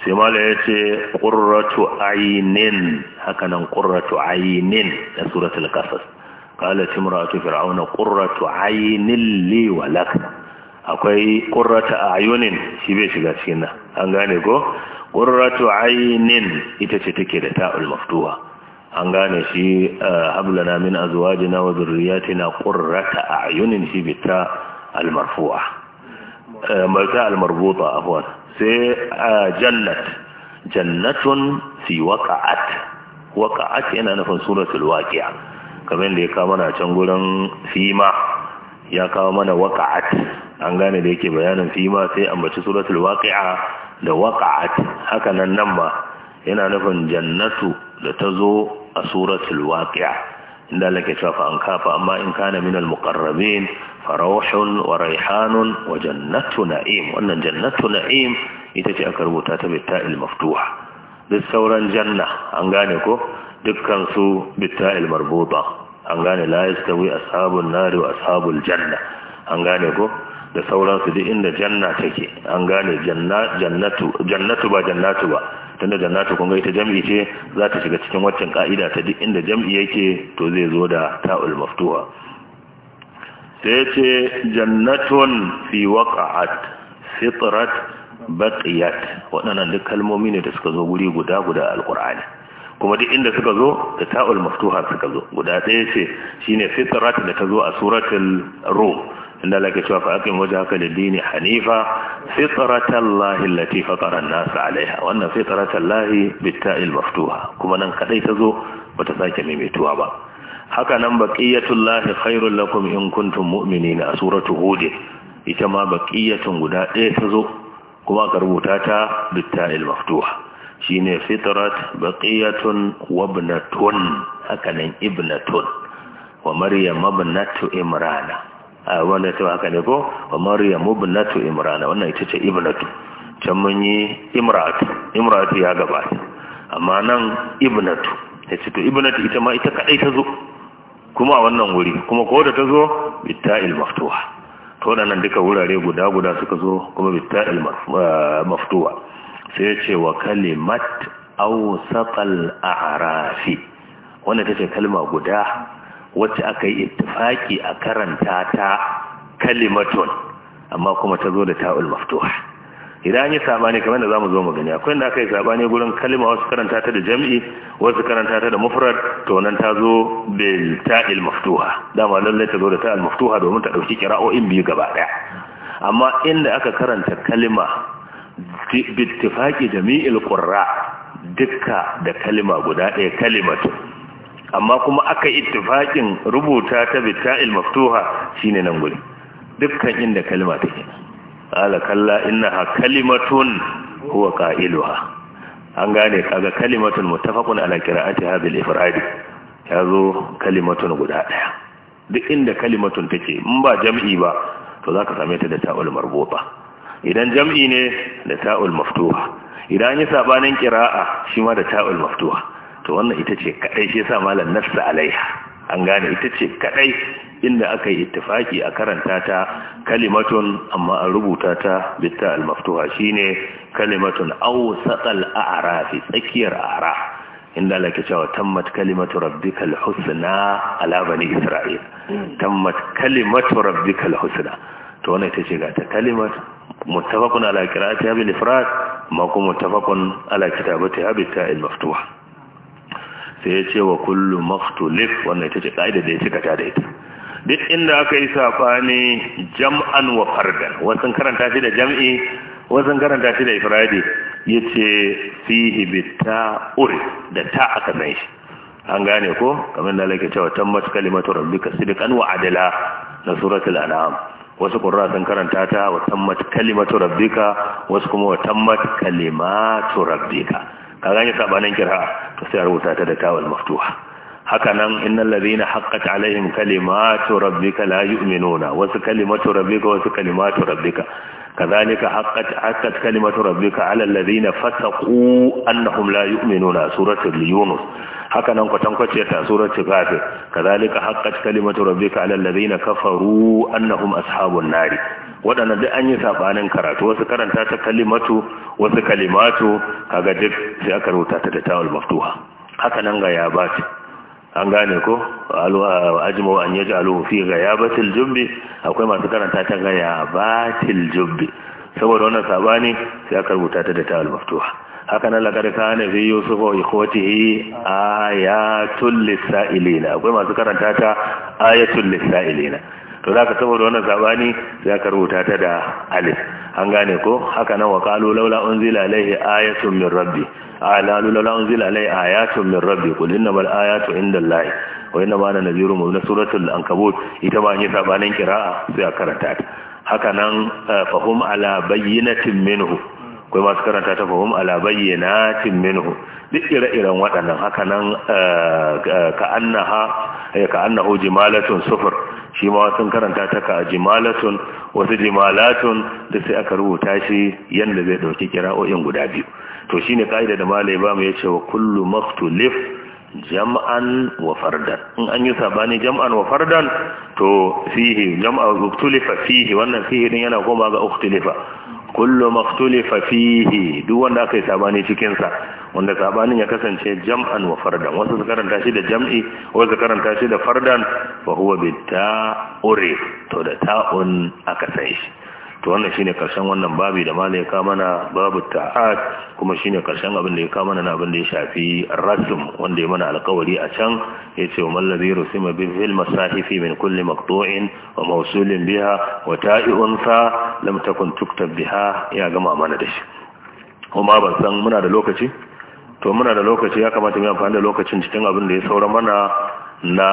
sai mala ya ce ƙurratu ainin hakanan ƙurratu ainin na suratul kasas kala timratu fir'auna ƙurratu ainin li walak akwai ƙurrata ayunin shi bai shiga cikin nan an gane ko ƙurratu ainin ita ce take da ta'ul maftuwa an gane shi ah, hablana min azwajina wa dhurriyyatina a ayunin shi ta al marfu'a marka almarbuta afwan sai a jallat jannatun fi waqa'at waqa'at yana nufin suratul waqi'a kamar da ya kawo mana can gurin Sima ya kawo mana waqa'at an gane da yake bayanin Sima sai ambaci suratul waqi'a da waqa'at Hakanan nan ma yana nufin jannatu da ta zo a suratul waqi'a inda lake shafa an kafa amma in kana minal muqarrabin فروح وريحان وجنة نعيم jannatu na'im wannan jannatu na'im ita ce المفتوح rubuta ta bitta'il maftuha duk sauran janna an gane ko dukkan su bitta'il marbuta an gane la yastawi ashabun nari janna an gane ko da sauransu duk inda janna take an gane jannatu jannatu ba jannatu ba tunda jannatu kun ga ita jam'i ce za ta shiga cikin waccan ka'ida ta duk inda jam'i yake to zai zo da ta'ul maftuha Ta ya ce jannatun fi waqa'at fitrat baqiyat waɗannan duk kalmomi ne da suka zo guri guda guda alqur'ani kuma duk inda suka zo da ta'ul maftuha suka zo guda ɗaya ce shine fitrat da ta zo a suratul rum inda Allah ke cewa fa aqim wajhaka lid-dini hanifa fitratallahi allati fatara an 'alayha wannan fitratallahi bit-ta'il maftuha kuma nan kadai ta zo bata sake maimaituwa ba haka nan lahi khairul lakum in kuntum a suratu hud ita ma baqiyatun guda ɗaya ta zo kuma ka rubuta ta bitta'il maftuha shine fitrat baqiyatun wa ibnatun haka nan ibnatun wa maryam ibnatu imrana a wanda ta haka ne ko wa maryam ibnatu imrana wannan ita ce ibnatu can mun yi imratu imratu ya gabata amma nan ibnatu ita ce to ibnatu ita ma ita kadai ta zo kuma wannan wuri kuma ko da ta zo bitta'il maftuha to waɗannan duka wurare guda guda suka zo kuma bitta'il eh, maftuha sai ya ce wa kalimat awsatal a'rafi wanda tace kalma guda wacce aka yi ittifaki a karanta ta kalimatun amma kuma ta zo da ta'ul maftuha idan yi sabani kamar da zamu zo mu gani akwai inda aka yi sabani gurin kalma wasu karanta ta da jam'i wasu karanta ta da mufrad to nan ta zo bil ta'il maftuha dama lallai ta zo da ta'il maftuha domin ta dauki kira'o'in biyu gaba daya amma inda aka karanta kalma bittifaqi jami'il qurra dukka da kalma guda ɗaya kalimatu amma kuma aka ittifaqin rubuta ta bi ta'il maftuha shine nan gudi. dukkan inda kalma take Ala kalla innaha kalimatun huwa qailuha an gane kaga kalimatun mutafakun ala qira'ati hazil al ya zo kalimatun guda ɗaya, duk inda kalimatun take in ba jam'i ba to za ka same ta da ta'ul ba, idan jam'i ne da ta'ul maftuwa, idan yi sabanin kira'a shi ma da ta'ul maftuwa, to wannan ita ce kaɗai shi sa malam nassa alaiha an gane ita ce kadai inda aka yi ittifaki a karanta ta kalimatun amma an rubuta ta bitta al-maftuha shine kalimatun awsatal a'rafi tsakiyar ara inda Allah cewa tammat kalimatu rabbikal husna ala bani isra'il tammat kalimatu rabbikal husna to wannan ita ce ga ta kalimat muttafaqun ala qira'ati bil ifrad ma kuma muttafaqun ala kitabati bitta al-maftuha sai ya ce wa kullu maktulif wannan ita ce ƙa'ida da ya cika ta da ita duk inda aka yi safani jam'an wa fardan wasu karanta shi da jam'i wasu karanta shi da ifradi ya ce fihi bi ta'uri da ta aka san shi an gane ko kamar da lake cewa mace kalimatu rabbika sidqan wa adala na suratul an'am wasu ƙurra sun karanta ta wa mace kalimatu rabbika wasu kuma wa mace kalimatu rabbika ka gani sabanin kira. to sai a rubuta ta da tawal maftuha haka nan innal ladina haqqat alaihim kalimatu rabbika la yu'minuna wasu kalimatu rabbika wasu kalimatu rabbika كذلك حقت حقت كلمة ربك على الذين فسقوا أنهم لا يؤمنون سورة اليونس هكذا نكتن كتية سورة غافر كذلك حقت كلمة ربك على الذين كفروا أنهم ashabun Nari. waɗannan duk an yi saɓanin karatu wasu karanta ta kalimatu wasu kalimatu kaga duk sai aka rubuta ta da tawul maftuha haka nan ga yabat an gane ko ajma an yaji aluhu fi ga yabatil jubbi akwai masu karanta ta ga yabatil jubbi saboda wannan saɓani sai aka rubuta ta da tawul maftuha haka nan laƙar ne fi yusuf wa ikhwatihi ayatul lisailina akwai masu karanta ta ayatul lisailina to za ka saboda wannan sabani za ka rubuta ta da alif an gane ko haka nan wa kalu laula unzila alaihi ayatun min rabbi alalu laula unzila alaihi ayatun min rabbi qul innamal ayatu indallahi wa innama ana nadhirun min suratul ankabut ita ba ne sabanin kira'a sai a karanta ta haka nan eh, fahum ala bayyinatin minhu akwai masu karanta ta fahum ala bayyinatin minhu duk ire-iren waɗannan hakanan eh, eh, eh, ka annahu jimalatun sufur shi ma sun karanta ta ka jimalatun wasu jimalatun da sai aka rubuta shi yadda zai ɗauki kira'o'in guda biyu to shi ne ƙa'ida da malai ba mu ya ce wa kullu maktulif jam'an wa fardan in an yi sabani jam'an wa fardan to fihi jam'an uktulifa fihi wannan fihi din yana koma ga uktulifa kullu maktuli fafihi duk wanda aka yi sabani cikinsa wanda sabanin ya kasance jam'an wa fardan wasu su karanta shi da jam'i wasu su karanta shi da fardan fa huwa bitta'uri to da ta'un aka san shi to wannan shine karshen wannan babi da malai ya kama na babu ta'at kuma shine karshen abin da ya kama na abin da ya shafi rasm wanda ya mana alƙawari a can yace wa mal ladhi rusima bi fil masahifi min kulli maqtu'in wa mawsulin biha wa ta'i'un fa lam takun ya gama mana da shi kuma ban san muna da lokaci to muna da lokaci ya kamata mu amfani da lokacin cikin abin da ya saura mana na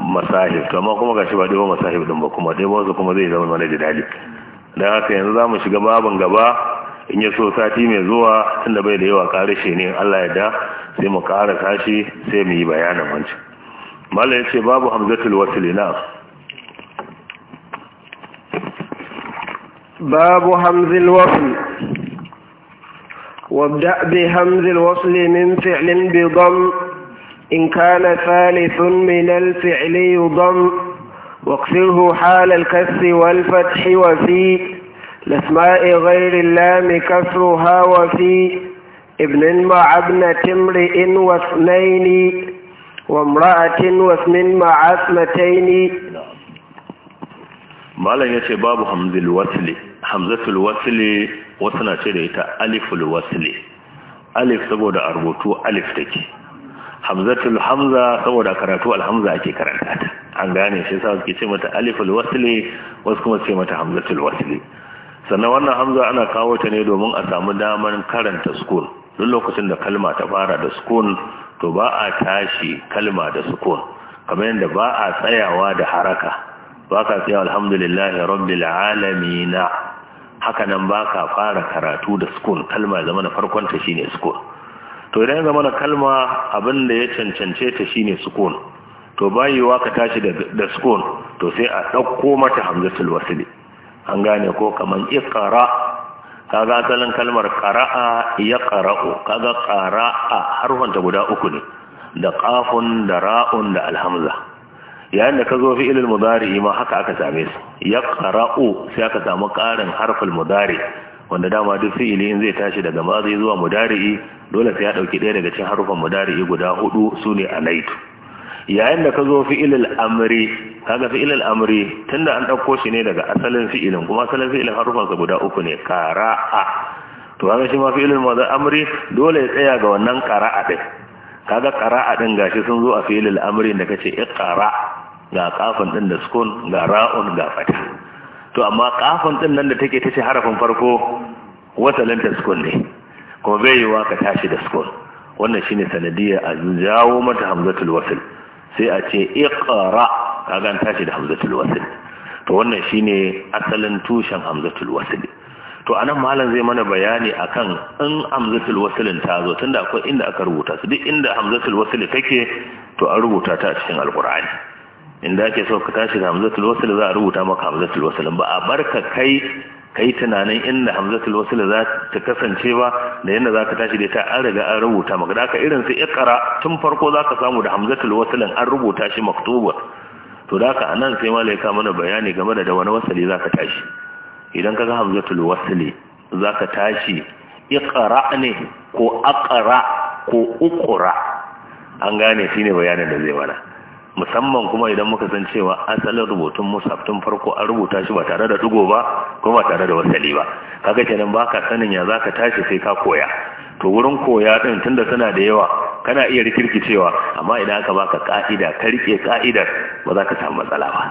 masahif to amma kuma gashi ba dai masahif din ba kuma dai su kuma zai zama mana da dalili don haka yanzu za mu shiga babin gaba in yi so sati mai zuwa tunda bai da yawa shi ne Allah ya da sai mu ƙara tashi sai mu yi bayanin wancan mala ya ce babu hamzatul wasu na babu hamzil wasli Wasu بهمز الوصل من فعل in kana كان ثالث من الفعل يضم واقصره حال الكس والفتح وفي لاسماء غير اللام كسرها وفي ابن مع ابنة امرئ واثنين وامرأة واسم مع اسمتين malam ya ce babu hamzul wasli hamzatul wasli wasu na alif saboda a rubutu alif take hamzatul hamza saboda karatu alhamza ake karanta ta an gane shi sa suke ce mata aliful wasli wasu kuma ce mata hamzatul wasli sannan wannan hamza ana kawo ta ne domin a samu daman karanta sukun duk lokacin da kalma ta fara da sukun to ba a tashi kalma da sukun kamar yadda ba a tsayawa da haraka ba ka tsaya alhamdulillahi rabbil alamina haka nan ba ka fara karatu da sukun kalma zama na farkon ta shine sukun to idan zama na kalma abin da ya cancance ta shine sukun to bayiwa ka tashi da sukun to sai a ɗauko mata hamzatul wasli an gane ko kaman iqra kaga asalin kalmar qara'a ya qara'u kaga qara'a harfan ta guda uku ne da qafun da ra'un da alhamza yayin da ka zo fi ilil mudari ma haka aka same su ya ƙara'u sai aka samu ƙarin harfin mudari' wanda dama duk fi'ili in zai tashi daga mazi zuwa mudari'i dole sai ya dauki ɗaya daga cikin harufan mudari'i guda hudu sune alaitu yayin da ka zo fi'ilil amri kaga fi'ilil amri tunda an dauko shi ne daga asalin fi'ilin kuma asalin fi'ilin harufan sa guda uku ne qara'a to kaga shi ma fi'ilil mazi amri dole ya tsaya ga wannan qara'a din kaga qara'a din gashi sun zo a fi'ilil amri da kace iqra ga kafin din da sukun ga ra'un ga fata to amma kafin din nan da take ta harafin farko wata ta ne kuma bai yiwa ka tashi da sukun wannan shine sanadiyya a jawo mata hamzatul wasl sai a ce iqra kaga an tashi da hamzatul wasl to wannan shine asalin tushen hamzatul wasl to anan malam zai mana bayani akan in hamzatul wasl ta zo tunda akwai inda aka rubuta su duk inda hamzatul wasl take to an rubuta ta a cikin alqur'ani inda ake so ka tashi hamzatul wasl za a rubuta maka hamzatul wasl ba a barka kai kai tunanin inda hamzatul wasl za ta kasance ba da yanda zaka tashi da ta an riga an rubuta maka da ka irin su iqra tun farko zaka samu da hamzatul wasl an rubuta shi maktuba to da ka anan sai ka mana bayani game da wani wasali zaka tashi idan kaga hamzatul wasl zaka tashi iqra ne ko aqra ko uqra an gane shine bayanin da zai mana musamman kuma idan muka san cewa asalin rubutun musaf tun farko an rubuta shi ba tare da dugo ba ko ba tare da wasali ba kaga kenan baka sanin ya zaka tashi sai ka koya to wurin koya din tunda suna da yawa kana iya rikirkicewa amma idan aka baka ka'ida ka rike ka'idar ba za ka samu matsala ba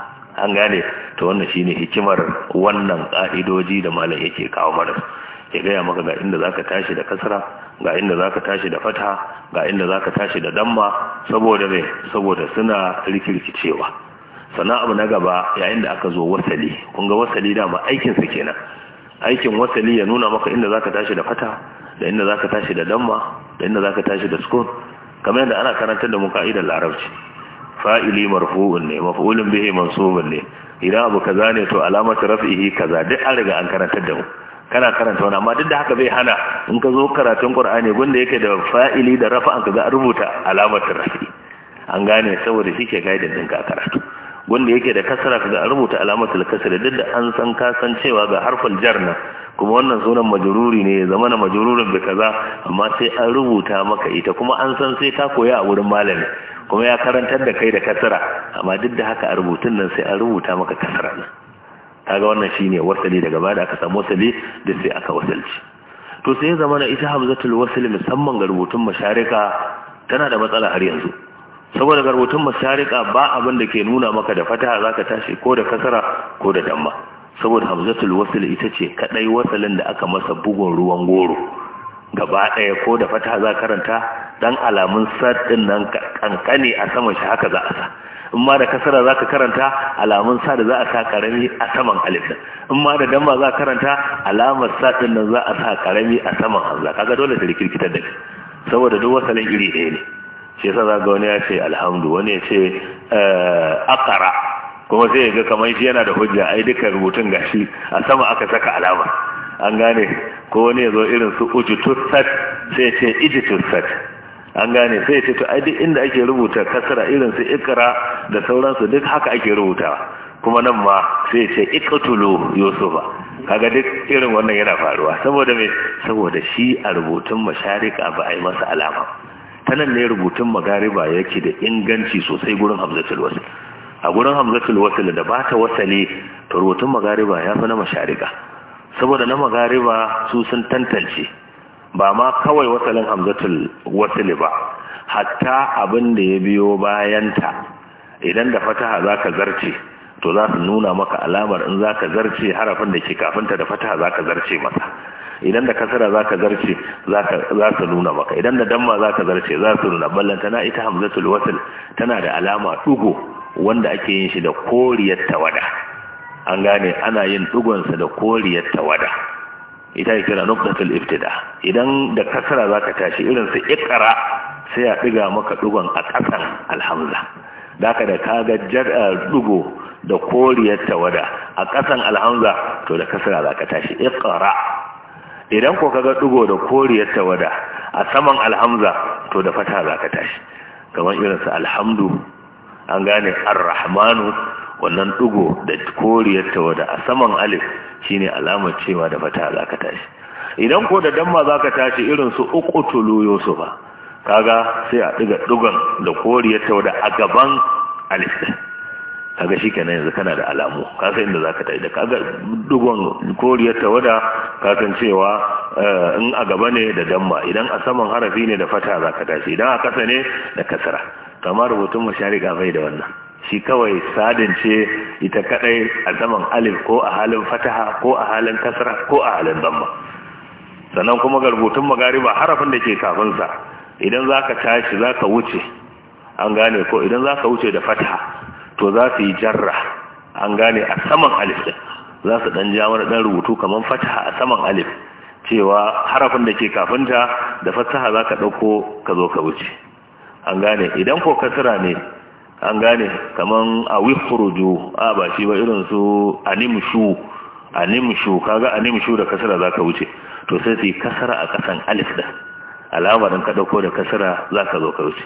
an gane to wannan shine hikimar wannan ka'idoji da malam yake kawo mana ya gaya maka ga inda zaka tashi da kasra ga inda za ka tashi da fata ga inda za ka tashi da damma saboda mai saboda suna rikirkicewa sannan abu na gaba yayin da aka zo wasali kun ga wasali dama aikinsa kenan aikin wasali ya nuna maka inda za ka tashi da fata da inda za ka tashi da damma da inda za ka tashi da sukun kamar yadda ana karantar da mu ka'idar larabci fa'ili marfu'un ne maf'ulun bihi mansubun ne idan abu kaza ne to alamatu raf'ihi kaza duk an riga an karantar da mu kana karanta wani amma duk da haka bai hana in ka zo karatun qur'ani gunda yake da fa'ili da rafa'an ka ga rubuta alamar rafi an gane saboda shi ke gaidin din ka karatu gunda yake da kasara kaga rubuta alamar alamatul kasra duk da an san ka san cewa ga harfal jar na kuma wannan sunan majruri ne zama na majrurin bi kaza amma sai an rubuta maka ita kuma an san sai ka koya a wurin malami kuma ya karantar da kai da kasara amma duk da haka a rubutun nan sai an rubuta maka kasara kaga wannan shine wasali daga baya aka samu wasali da sai aka wasalci to sai zama na ita hamzatul wasali musamman ga rubutun masharika tana da matsala har yanzu saboda ga rubutun masharika ba abin da ke nuna maka da fataha zaka tashi ko da kasara ko da damma saboda hamzatul wasali ita ce kadai wasalin da aka masa bugun ruwan goro gaba ɗaya ko da fata za karanta dan alamun sad din nan kankani a saman shi haka za a sa in ma da kasara za ka karanta alamun sa da za a sa karami a saman alif din in ma da damma za karanta alamar sa din nan za a sa karami a saman hamza kaga dole ta rikirkitar da saboda duk wasalin iri ɗaya ne shi yasa za ga wani ya ce alhamdu wani ya ce eh, akara kuma sai ya ga kamar shi yana da hujja ai duka rubutun gashi a sama aka saka alama an gane ko wani ya zo irin su ujutussat sai ce ijitussat an gane sai ce to ai duk inda ake rubuta kasra irin su ikra da sauransu duk haka ake rubuta kuma nan ma sai ce ikatulu yusufa kaga duk irin wannan yana faruwa saboda me saboda shi a rubutun masharika ba a yi masa alama ta nan ne rubutun magariba yake da inganci sosai gurin hamzatul wasil a gurin hamzatul wasil da ba ta wasali to rubutun magariba ya fi na masharika saboda na magariba su sun tantance ba ma kawai wasalin hamzatul wasili ba hatta abin da ya biyo bayanta idan da fataha za ka zarce to za su nuna maka alamar in za ka zarce harafin da ke kafinta da fataha za ka zarce masa idan da kasara za ka zarce za su nuna maka idan da damma za ka zarce za su nuna ballanta na ita hamzatul wasil tana da alama ɗugo wanda ake yin shi da koriyar tawada an gane ana yin dugonsa da koriyar tawada ita yi kira nuktatul iftida idan da kasara za ka tashi irin ikara sai ya ɗiga maka dugon a ƙasan alhamza da ka da kaga eh, dugo da koriyar tawada a ƙasan alhamza to da kasara za ka tashi ikara idan ko kaga dugo da koriyar tawada a saman alhamza to da fata za ka tashi kamar irin alhamdu an gane arrahmanu wannan dugo da koriyar wada a saman alif shine alamar cewa da fata za ka tashi idan ko da damma za ka tashi irin su uku tulu yusufa kaga sai a diga dugon da koriyar wada a gaban alif ɗin kaga shi kenan yanzu kana da alamu kasa inda za ka tashi da kaga dugon koriyar tawada kasan cewa eh, in a gaba ne da damma idan a saman harafi ne da fata za ka tashi idan a kasa ne da kasara kamar rubutun mashari bai da wannan shi kawai sadin ce ita kadai a saman alif ko a halin fataha ko a halin kasra ko a halin damma sannan kuma ga rubutun magariba harafin da ke kafin sa idan zaka tashi zaka wuce an gane ko idan zaka wuce da fataha to za su yi jarra an gane a saman alif din za su dan ja wani dan rubutu kaman fataha a saman alif cewa harafin da ke kafinta da fasaha za ka ɗauko ka zo ka wuce an gane idan ko kasra ne an gane kaman a wifuruju a ba shi ba irin su animshu animshu kaga animshu da kasara zaka wuce to sai su kasara a kasan alif da alama din ka dauko da kasara zaka zo ka wuce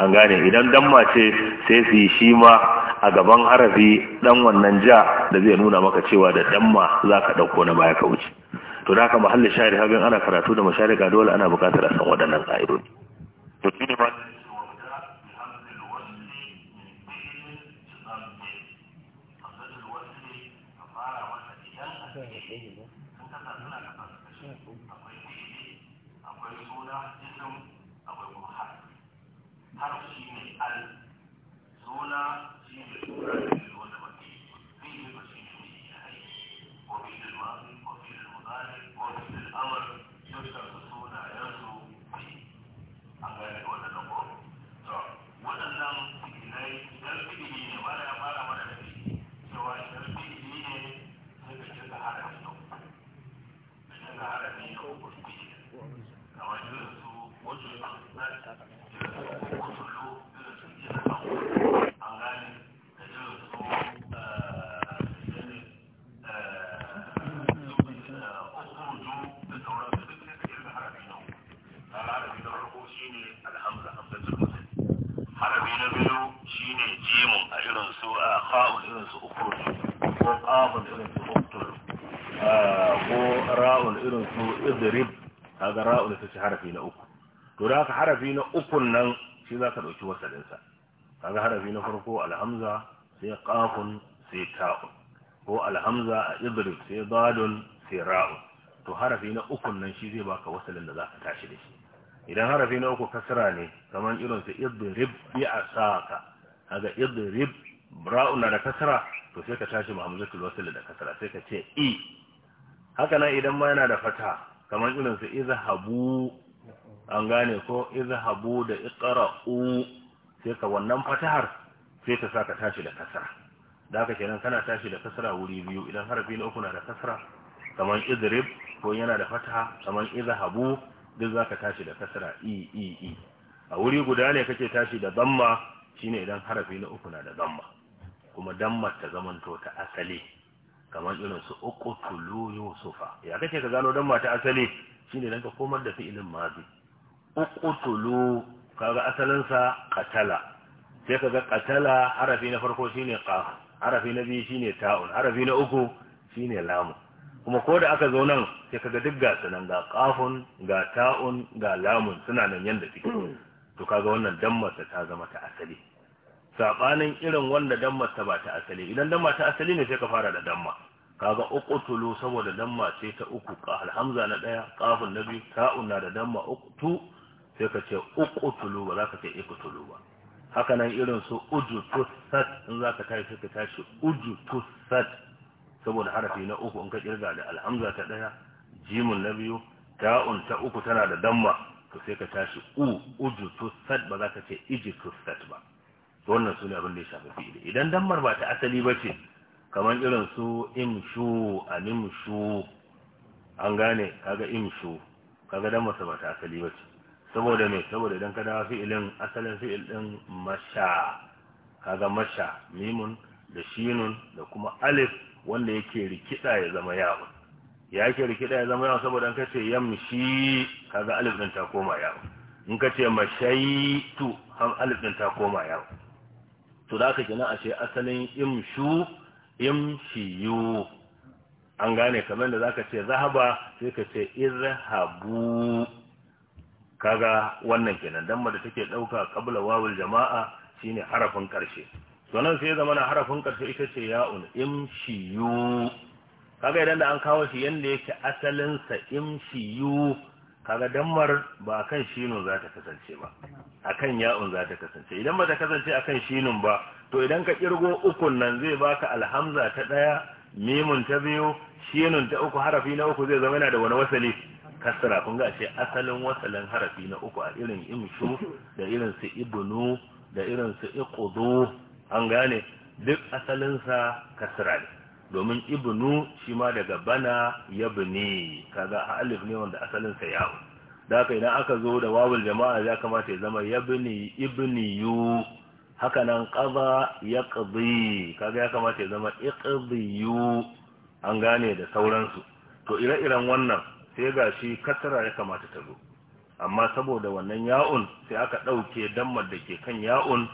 an gane idan dan mace sai su shi ma a gaban harafi dan wannan ja da zai nuna maka cewa da dan ma zaka dauko na baya ka wuce to da haka mahallin shari'a hagan ana karatu da masharika dole ana bukatar a san waɗannan ƙa'idodi to shine ba akwai suna jisim akwai kuma har har shi ne al suna shi ne irin su idrib kaga ra'u da tace harafi na uku to da haka harafi na uku nan shi zaka dauki wasalin sa kaga harafi na farko alhamza sai qafun sai ta'un ko alhamza a idrib sai dadun sai ra'u to harafi na uku nan shi zai baka wasalin da zaka tashi da shi idan harafi na uku kasra ne kaman irin su idrib bi asaka kaga idrib ra'u na da kasra to sai ka tashi ma hamzatul wasl da kasra sai ka ce i haka nan idan ma yana da fata kamar irin su izhabu an gane ko izhabu da iqra'u sai ka wannan fatahar sai ta saka tashi da kasra da haka kenan kana tashi da kasra wuri biyu idan harafi na uku na da kasra kamar idrib ko yana da fataha kamar izhabu duk zaka tashi da kasra i i i a wuri guda ne kake tashi da damma shine idan harafi na uku na da damma kuma dammar ta zamanto ta asali kamar irin su tulu yusufa ya kake ka gano dan mata asali shine dan ka komar da fi'ilin mazi tulu kaga asalinsa sa qatala sai kaga qatala harafi na farko shine qaf harafi na biyu shine ta'un harafi na uku shine lamu kuma ko da aka zo nan sai kaga duk ga sanan ga qafun ga ta'un ga lamun suna nan yanda suke to kaga wannan dan mata ta zama ta asali sabanin irin wanda damma ta ba ta asali idan damma ta asali ne sai ka fara da damma kaga uqtulu saboda damma ce ta uku qahal hamza na daya qafun na biyu ta'un na da damma uqtu sai ka ce uqtulu ba za ka ce iqtulu ba haka nan irin su uju sat in za ka tashi ka tashi sat saboda harafi na uku in ka kirga da alhamza ta daya jimun na biyu ta'un ta uku tana da damma to sai ka tashi u uju sat ba za ka ce sat ba wannan su ne abin da ya shafi fi'ili idan dammar ba ta asali ba ce kamar irin su imshu animshu an gane kaga imshu kaga dammar ba ta asali ba ce saboda me saboda idan ka fi'ilin asalin fi'il din masha kaga masha mimun da shinun da kuma alif wanda yake rikida ya zama yawon ya yake rikida ya zama yawon saboda an kace yamshi kaga alif din ta koma yawon in kace mashaitu ham alif din ta koma yawon to da ka gina a asalin imshu imshiyu an gane kamar da zaka ce zahaba sai ka ce izhabu kaga wannan kenan dan da take dauka kabla wawul jama'a shine harafin karshe to nan sai zama na harafin karshe ita ce ya ya'un imshiyu kaga idan da an kawo shi yanda yake asalin sa imshiyu kaga dammar ba akan shino za ta kasance ba akan ya'un za ta kasance idan ba ta kasance akan shinin ba to idan ka kirgo ukun nan zai baka alhamza ta daya mimun ta biyu shinun ta uku harafi na uku zai zama yana da wani wasali kasra kun ga ce asalin wasalin harafi na uku a irin imshu da irin su ibnu da irin su iqdu an gane duk asalin sa kasra ne domin ibnu shi ma daga bana ya bini kaga alif ne wanda asalinsa yawo da haka idan aka zo da wawul jama'a ya kamata ya zama ya ibni yu haka nan qada ya kaga ya kamata ya zama yu! an gane da sauransu to ire-iren wannan sai gashi kasara ya kamata ta zo amma saboda wannan ya'un sai aka ɗauke dammar da ke kan ya'un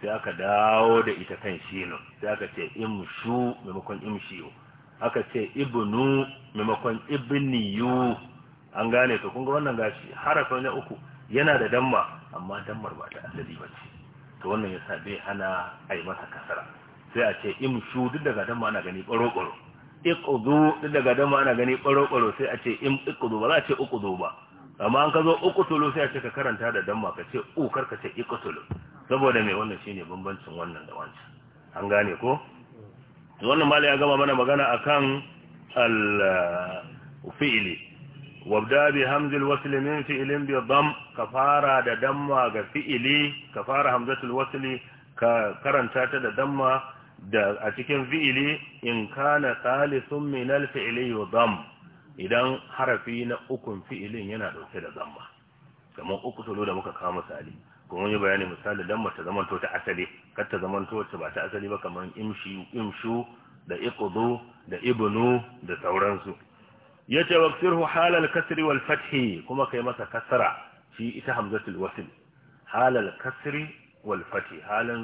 sai aka dawo da ita kan shino sai aka ce imshu maimakon imshiyo aka ce ibnu maimakon ibniyu an gane to kun ga wannan gashi harafa ne uku yana da damma amma dammar ba ta asali ba ce to wannan yasa bai hana a yi masa kasara sai a ce imshu duk daga damma ana gani baro-baro iqdu duk daga damma ana gani baro-baro sai a ce im iqdu ba za a ce uqdu ba amma an ka zo uqtulu sai a ce ka karanta da damma ka ce u kar ka ce iqtulu saboda mai wannan shine bambancin wannan da wancan an gane ko wannan mala ya gama mana magana akan al uh, fi'li wabda bi hamzil wasl min fi'lin bi dam kafara da damma ga fi'li kafara hamzatul wasl ka karanta ta da damma da a cikin fi'li in kana salisun min al fi'li yudam idan harafi na ukun fi'ilin yana dauke da damma kamar uku tolo da muka kawo misali kuma yi bayani misali dan mata zamanto ta asali kar ta zamanto wacce ba ta asali ba kamar imshu da iqdu da ibnu da sauransu yace waqsirhu halal kasri wal fathi kuma kai masa kasra shi ita hamzatul wasl halal kasri wal fathi halan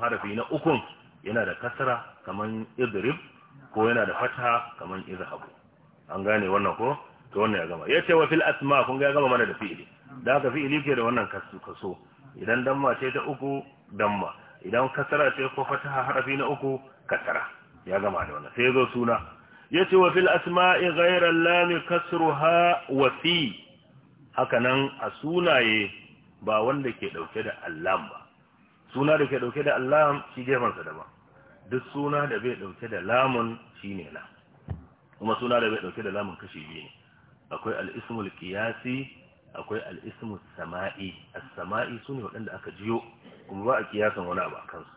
harafi na ukun yana da kasra kaman idrib ko yana da fatha kaman izhabu an gane wannan ko to wannan ya gama ce wa fil asma kun ga gama mana da fi'ili da haka fi'ili ke da wannan kasu kaso idan damma ce ta uku damma idan kasara ce ko fataha harafi na uku kasara ya gama da wannan sai zo suna yace wa fil asma'i ghayra lam kasruha wa fi hakanan a sunaye ba wanda ke dauke da allam ba suna da ke dauke da allam shi gefen sa daban duk suna da bai dauke da lamun shine la kuma suna da bai dauke da lamun kashi biyu ne akwai al-ismul qiyasi akwai al'ismu sama'i as-sama'i su ne waɗanda aka jiyo kuma ba a kiyasan wani abu a kansu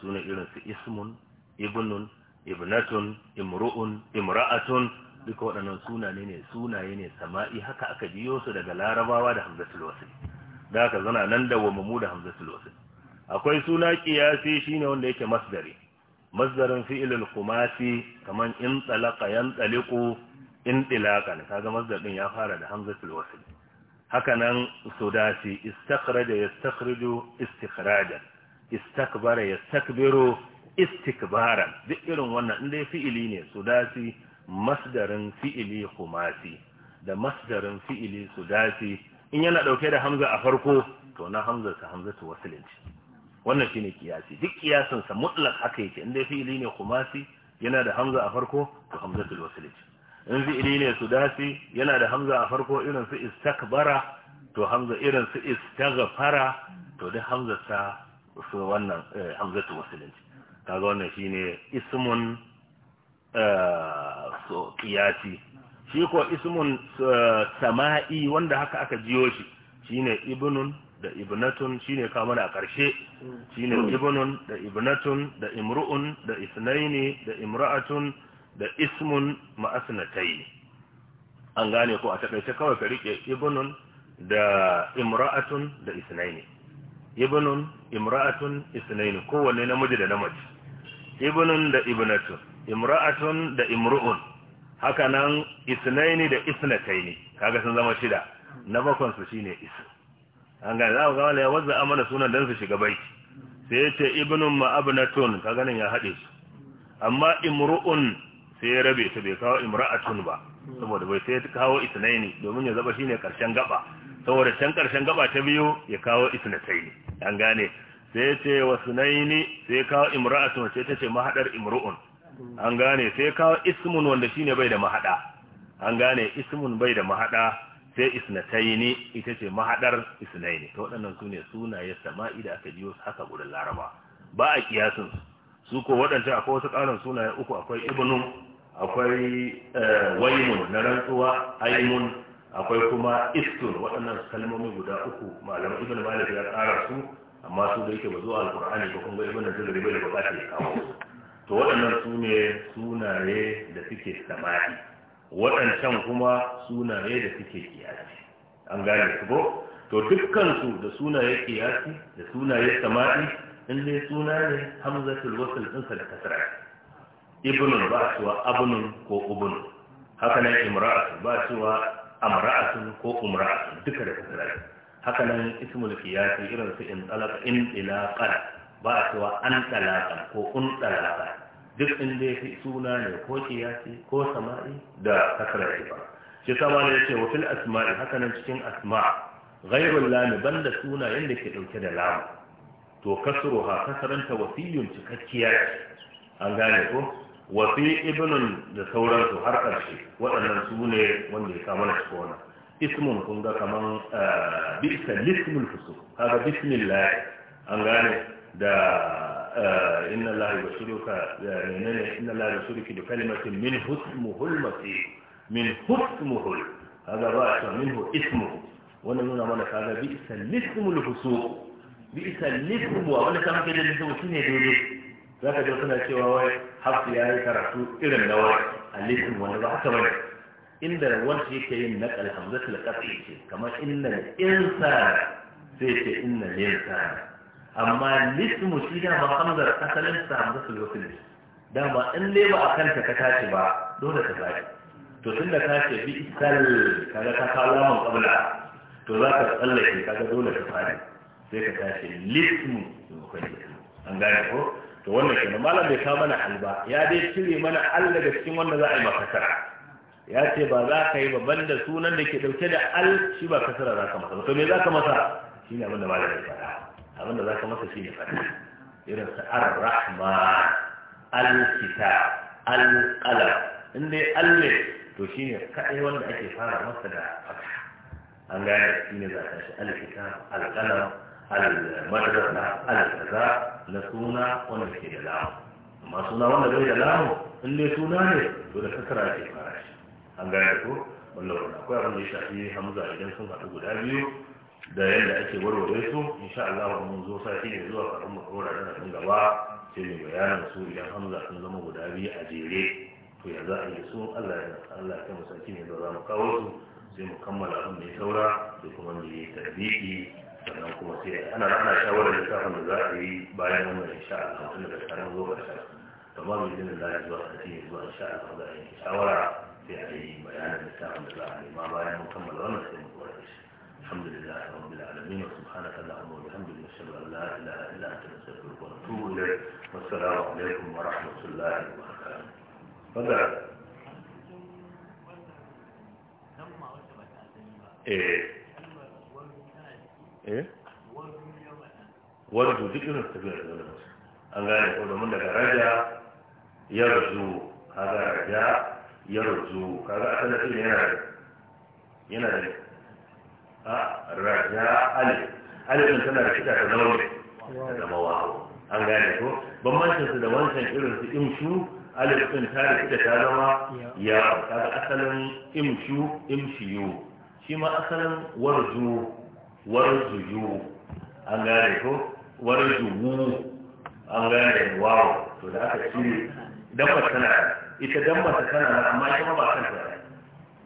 su ne irin su ismun ibnun ibnatun imru'un imra'atun duka waɗannan sunaye ne sunaye ne sama'i haka aka jiyo su daga larabawa da hamzatul wasl da aka zana nan da wa mamu da hamzatul wasl akwai suna shi shine wanda yake masdari masdarin fi'ilul kumasi kamar in talaqa yantaliqu in ne kaga masdar din ya fara da hamzatul wasl hakanan sudasi istakhraja yastakhriju istikhrajan istakbara yastakbiru istikbaran duk irin wannan inda fi'ili ne sudasi masdarin fi'ili khumasi da masdarin fi'ili sudasi in yana dauke da hamza a farko to na hamza Hamza hamzatu waslin wannan shine kiyasi duk kiyasin sa mutlaq haka yake inda fi'ili ne khumasi yana da hamza a farko to hamzatul waslin in fi'ili ne su dasi yana da hamza a farko irin su istakbara to hamza irin su istaghfara to da hamza ta su wannan eh, hamzatu musulunci kaga wannan shine ismun eh, so kiyati shi ko ismun eh, sama'i wanda haka aka jiyo shi shine ibnun da ibnatun shine ka mana a karshe. shine ibnun da ibnatun da imru'un da isnaini da imra'atun da ismun ma'asnatai an gane ko a taɓaice kawai ka rike ibnun da imra'atun da isnaini ibnun imra'atun isnaini kowanne namiji da namiji. ibnun da ibnatun imra'atun da imru'un haka nan isnaini da isnataini kaga sun zama shida na bakon su shine isu. an gane za ku ga ya wazza amana sunan dan su shiga baiti sai ya ce ibnun ma abnatun kaga nan ya hade su amma imru'un sai ya rabe ta bai kawo imra'atun ba saboda bai sai ya kawo isnaini domin ya zaba shine karshen gaba saboda can karshen gaba ta biyu ya kawo isnataini an gane sai ce wa sunaini sai kawo imra'atun sai ta ce mahadar imru'un an gane sai kawo ismun wanda shine bai da mahada an gane ismun bai da mahada sai isnataini ita ce mahadar isnaini to waɗannan sune sunaye sama'i da aka biyo haka gurin laraba ba a kiyasin su su ko waɗanda akwai wasu ƙarin sunaye uku akwai ibnu akwai eh, waimun na rantsuwa aimun akwai kuma istur waɗannan kalmomi guda uku malamin ibnu malik ya ƙara su amma su da yake ba zuwa alƙur'ani ba kuma ibnu da bai da buƙatar ya kawo to waɗannan su ne sunaye da suke samari waɗancan kuma sunaye da suke kiyasi an gane su ko to dukkansu da sunaye kiyasi da sunaye samari in dai suna ne hamzatul wasl ɗinsa da kasra ibnun ba suwa abnun ko ubnun haka nan imra'atu ba cewa amra'atun ko umra'atun duka da kasra haka nan ismul qiyas irin su in talaq in ilaqa ba wa an talaqa ko un talaqa duk in dai suna ne ko qiyasi ko sama'i da kasra ba shi sama ne yace wa fil asma'i haka nan cikin asma' ghairul lam banda suna yanda ke dauke da lamu to kasruha kasaranta wasiyun cikakkiya an gane ko wasi ibnun da sauransu har ƙarshe waɗannan su ne wanda ya kama na cikin wannan ismun kun ga kaman eh, bisa lismul fusu kaga bismillah an gane da eh, inna lillahi wa shuruka menene inna lillahi wa shuruki bi kalimatin min husmuhul masih min husmuhul kaga ba ta minhu ismu wannan nuna mana kaga bisa lismul fusu bisa nisbu a wani kan da nisbu shine daidai za ka ga suna cewa wai hafsu ya yi karatu irin na wani a nisbu wani ba haka bane inda wanci yake yin na kalhamzatu da kafi ce kamar inna insa sai ce inna insa amma nisbu shi da ma hamzar asalin sa hamzatu da kafi dama in dai ba a kanta ka tashi ba dole ka tashi to tun da ka ce bi isal kaga ka kawo lamun kabla to za ka tsallake kaga dole ka fadi sai ka tashi lismu an gane ko to wannan kenan malam bai kawo mana alba ya dai cire mana al daga cikin wanda za a yi maka ya ce ba za ka yi babban da sunan da ke dauke da al shi ba kasara za ka masa to me za ka masa shi ne abinda malam bai faɗa abinda za ka masa shi ne faɗa irin sa ar rahma al kita al-qalam in dai al ne to shi ne kaɗai wanda ake fara masa da faɗa an gane shi ne za ka shi al kita al-qalam al-madar na na suna wanda suke da lamu amma suna wanda zai da lamu in ne suna ne to da kakara ce fara shi an gane ko wallah wala akwai abin da ya shafi hamza idan sun haɗu guda biyu da yadda ake warware su in sha Allah mun zo sati ne zuwa kafin mu kora da nan gaba sai ne bayanin su idan hamza sun zama guda biyu a jere to ya za a yi su Allah ya Allah ya kai mu sarki ne da za mu kawo su sai mu kammala abin da ya saura sai kuma mu yi tarbiyyi sannan kuma sai ana ana shawarar littafin da za a yi bayan wannan insha Allah tun da karan zo ƙarshen amma bi jinin da zuwa sati zuwa insha Allah za a yi shawara sai a yi bayanin littafin da za a yi ma bayan mun kammala wannan sai mu kora shi الحمد لله رب العالمين وسبحانك اللهم وبحمدك نشهد ان لا اله الا انت نستغفرك ونتوب اليك والسلام عليكم ورحمه الله وبركاته. بدأ. ايه eh warju duk irin tafiyar da wani an gane ko domin daga raja ya razu kaga raja ya razu kaga asalin fi'il yana da yana da a raja alif alifin tana da shida ta zama mai ta zama wawo an gane ko bambancin su da wancan irin su imshu Ali din ta da shida ta zama ya kaga asalin imshu imshiyu shi ma asalin warzu warzuyu an gane ko warzuwu an gane wawo to da aka cire dabba tana ita dan ta tana amma ita ba kan ta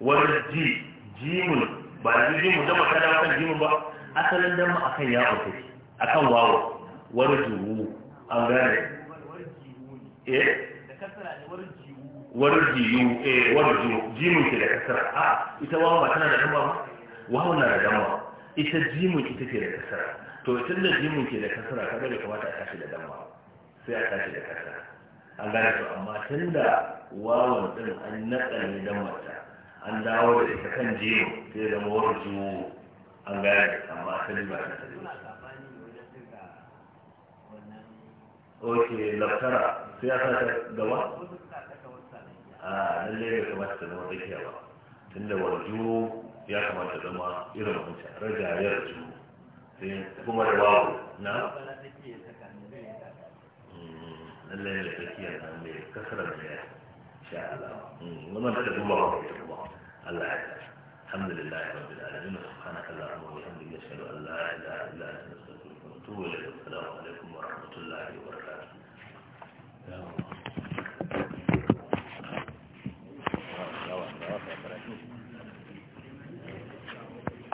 warji jimun ba jimun dabba ba dawo kan jimun ba asalin dabba akan ya take akan wawo warzuwu an gane eh yu eh warjiyu jimun ke da kasara a ah, ita wawo ba tana da dabba ba wawo na da dama. ita jimin ita ce da kasara to tun da jimin ke da kasara kaga ka kamata a tashi da damma sai a tashi da kasara an gane to amma tun da wawan din an naɗa ne dammarta an dawo da ita kan jimin sai da mawar juwo an gane amma asali ba ta tafi. ok laftara sai ya sa ta gaba a ah, lallai bai kamata ta zama tsakiya ba tun da warjuwo ya kamata zama irin wancan ragayar su kuma da wawo na mm, lallai da tsakiyar nan mai kasar da ya sha Allah mm, wannan da duba ba ko duba Allah ya ta alhamdulillah rabbil alamin subhanaka allahumma wa bihamdika ashhadu an la ilaha illa anta astaghfiruka wa atubu ilayk assalamu alaikum wa rahmatullahi wa barakatuh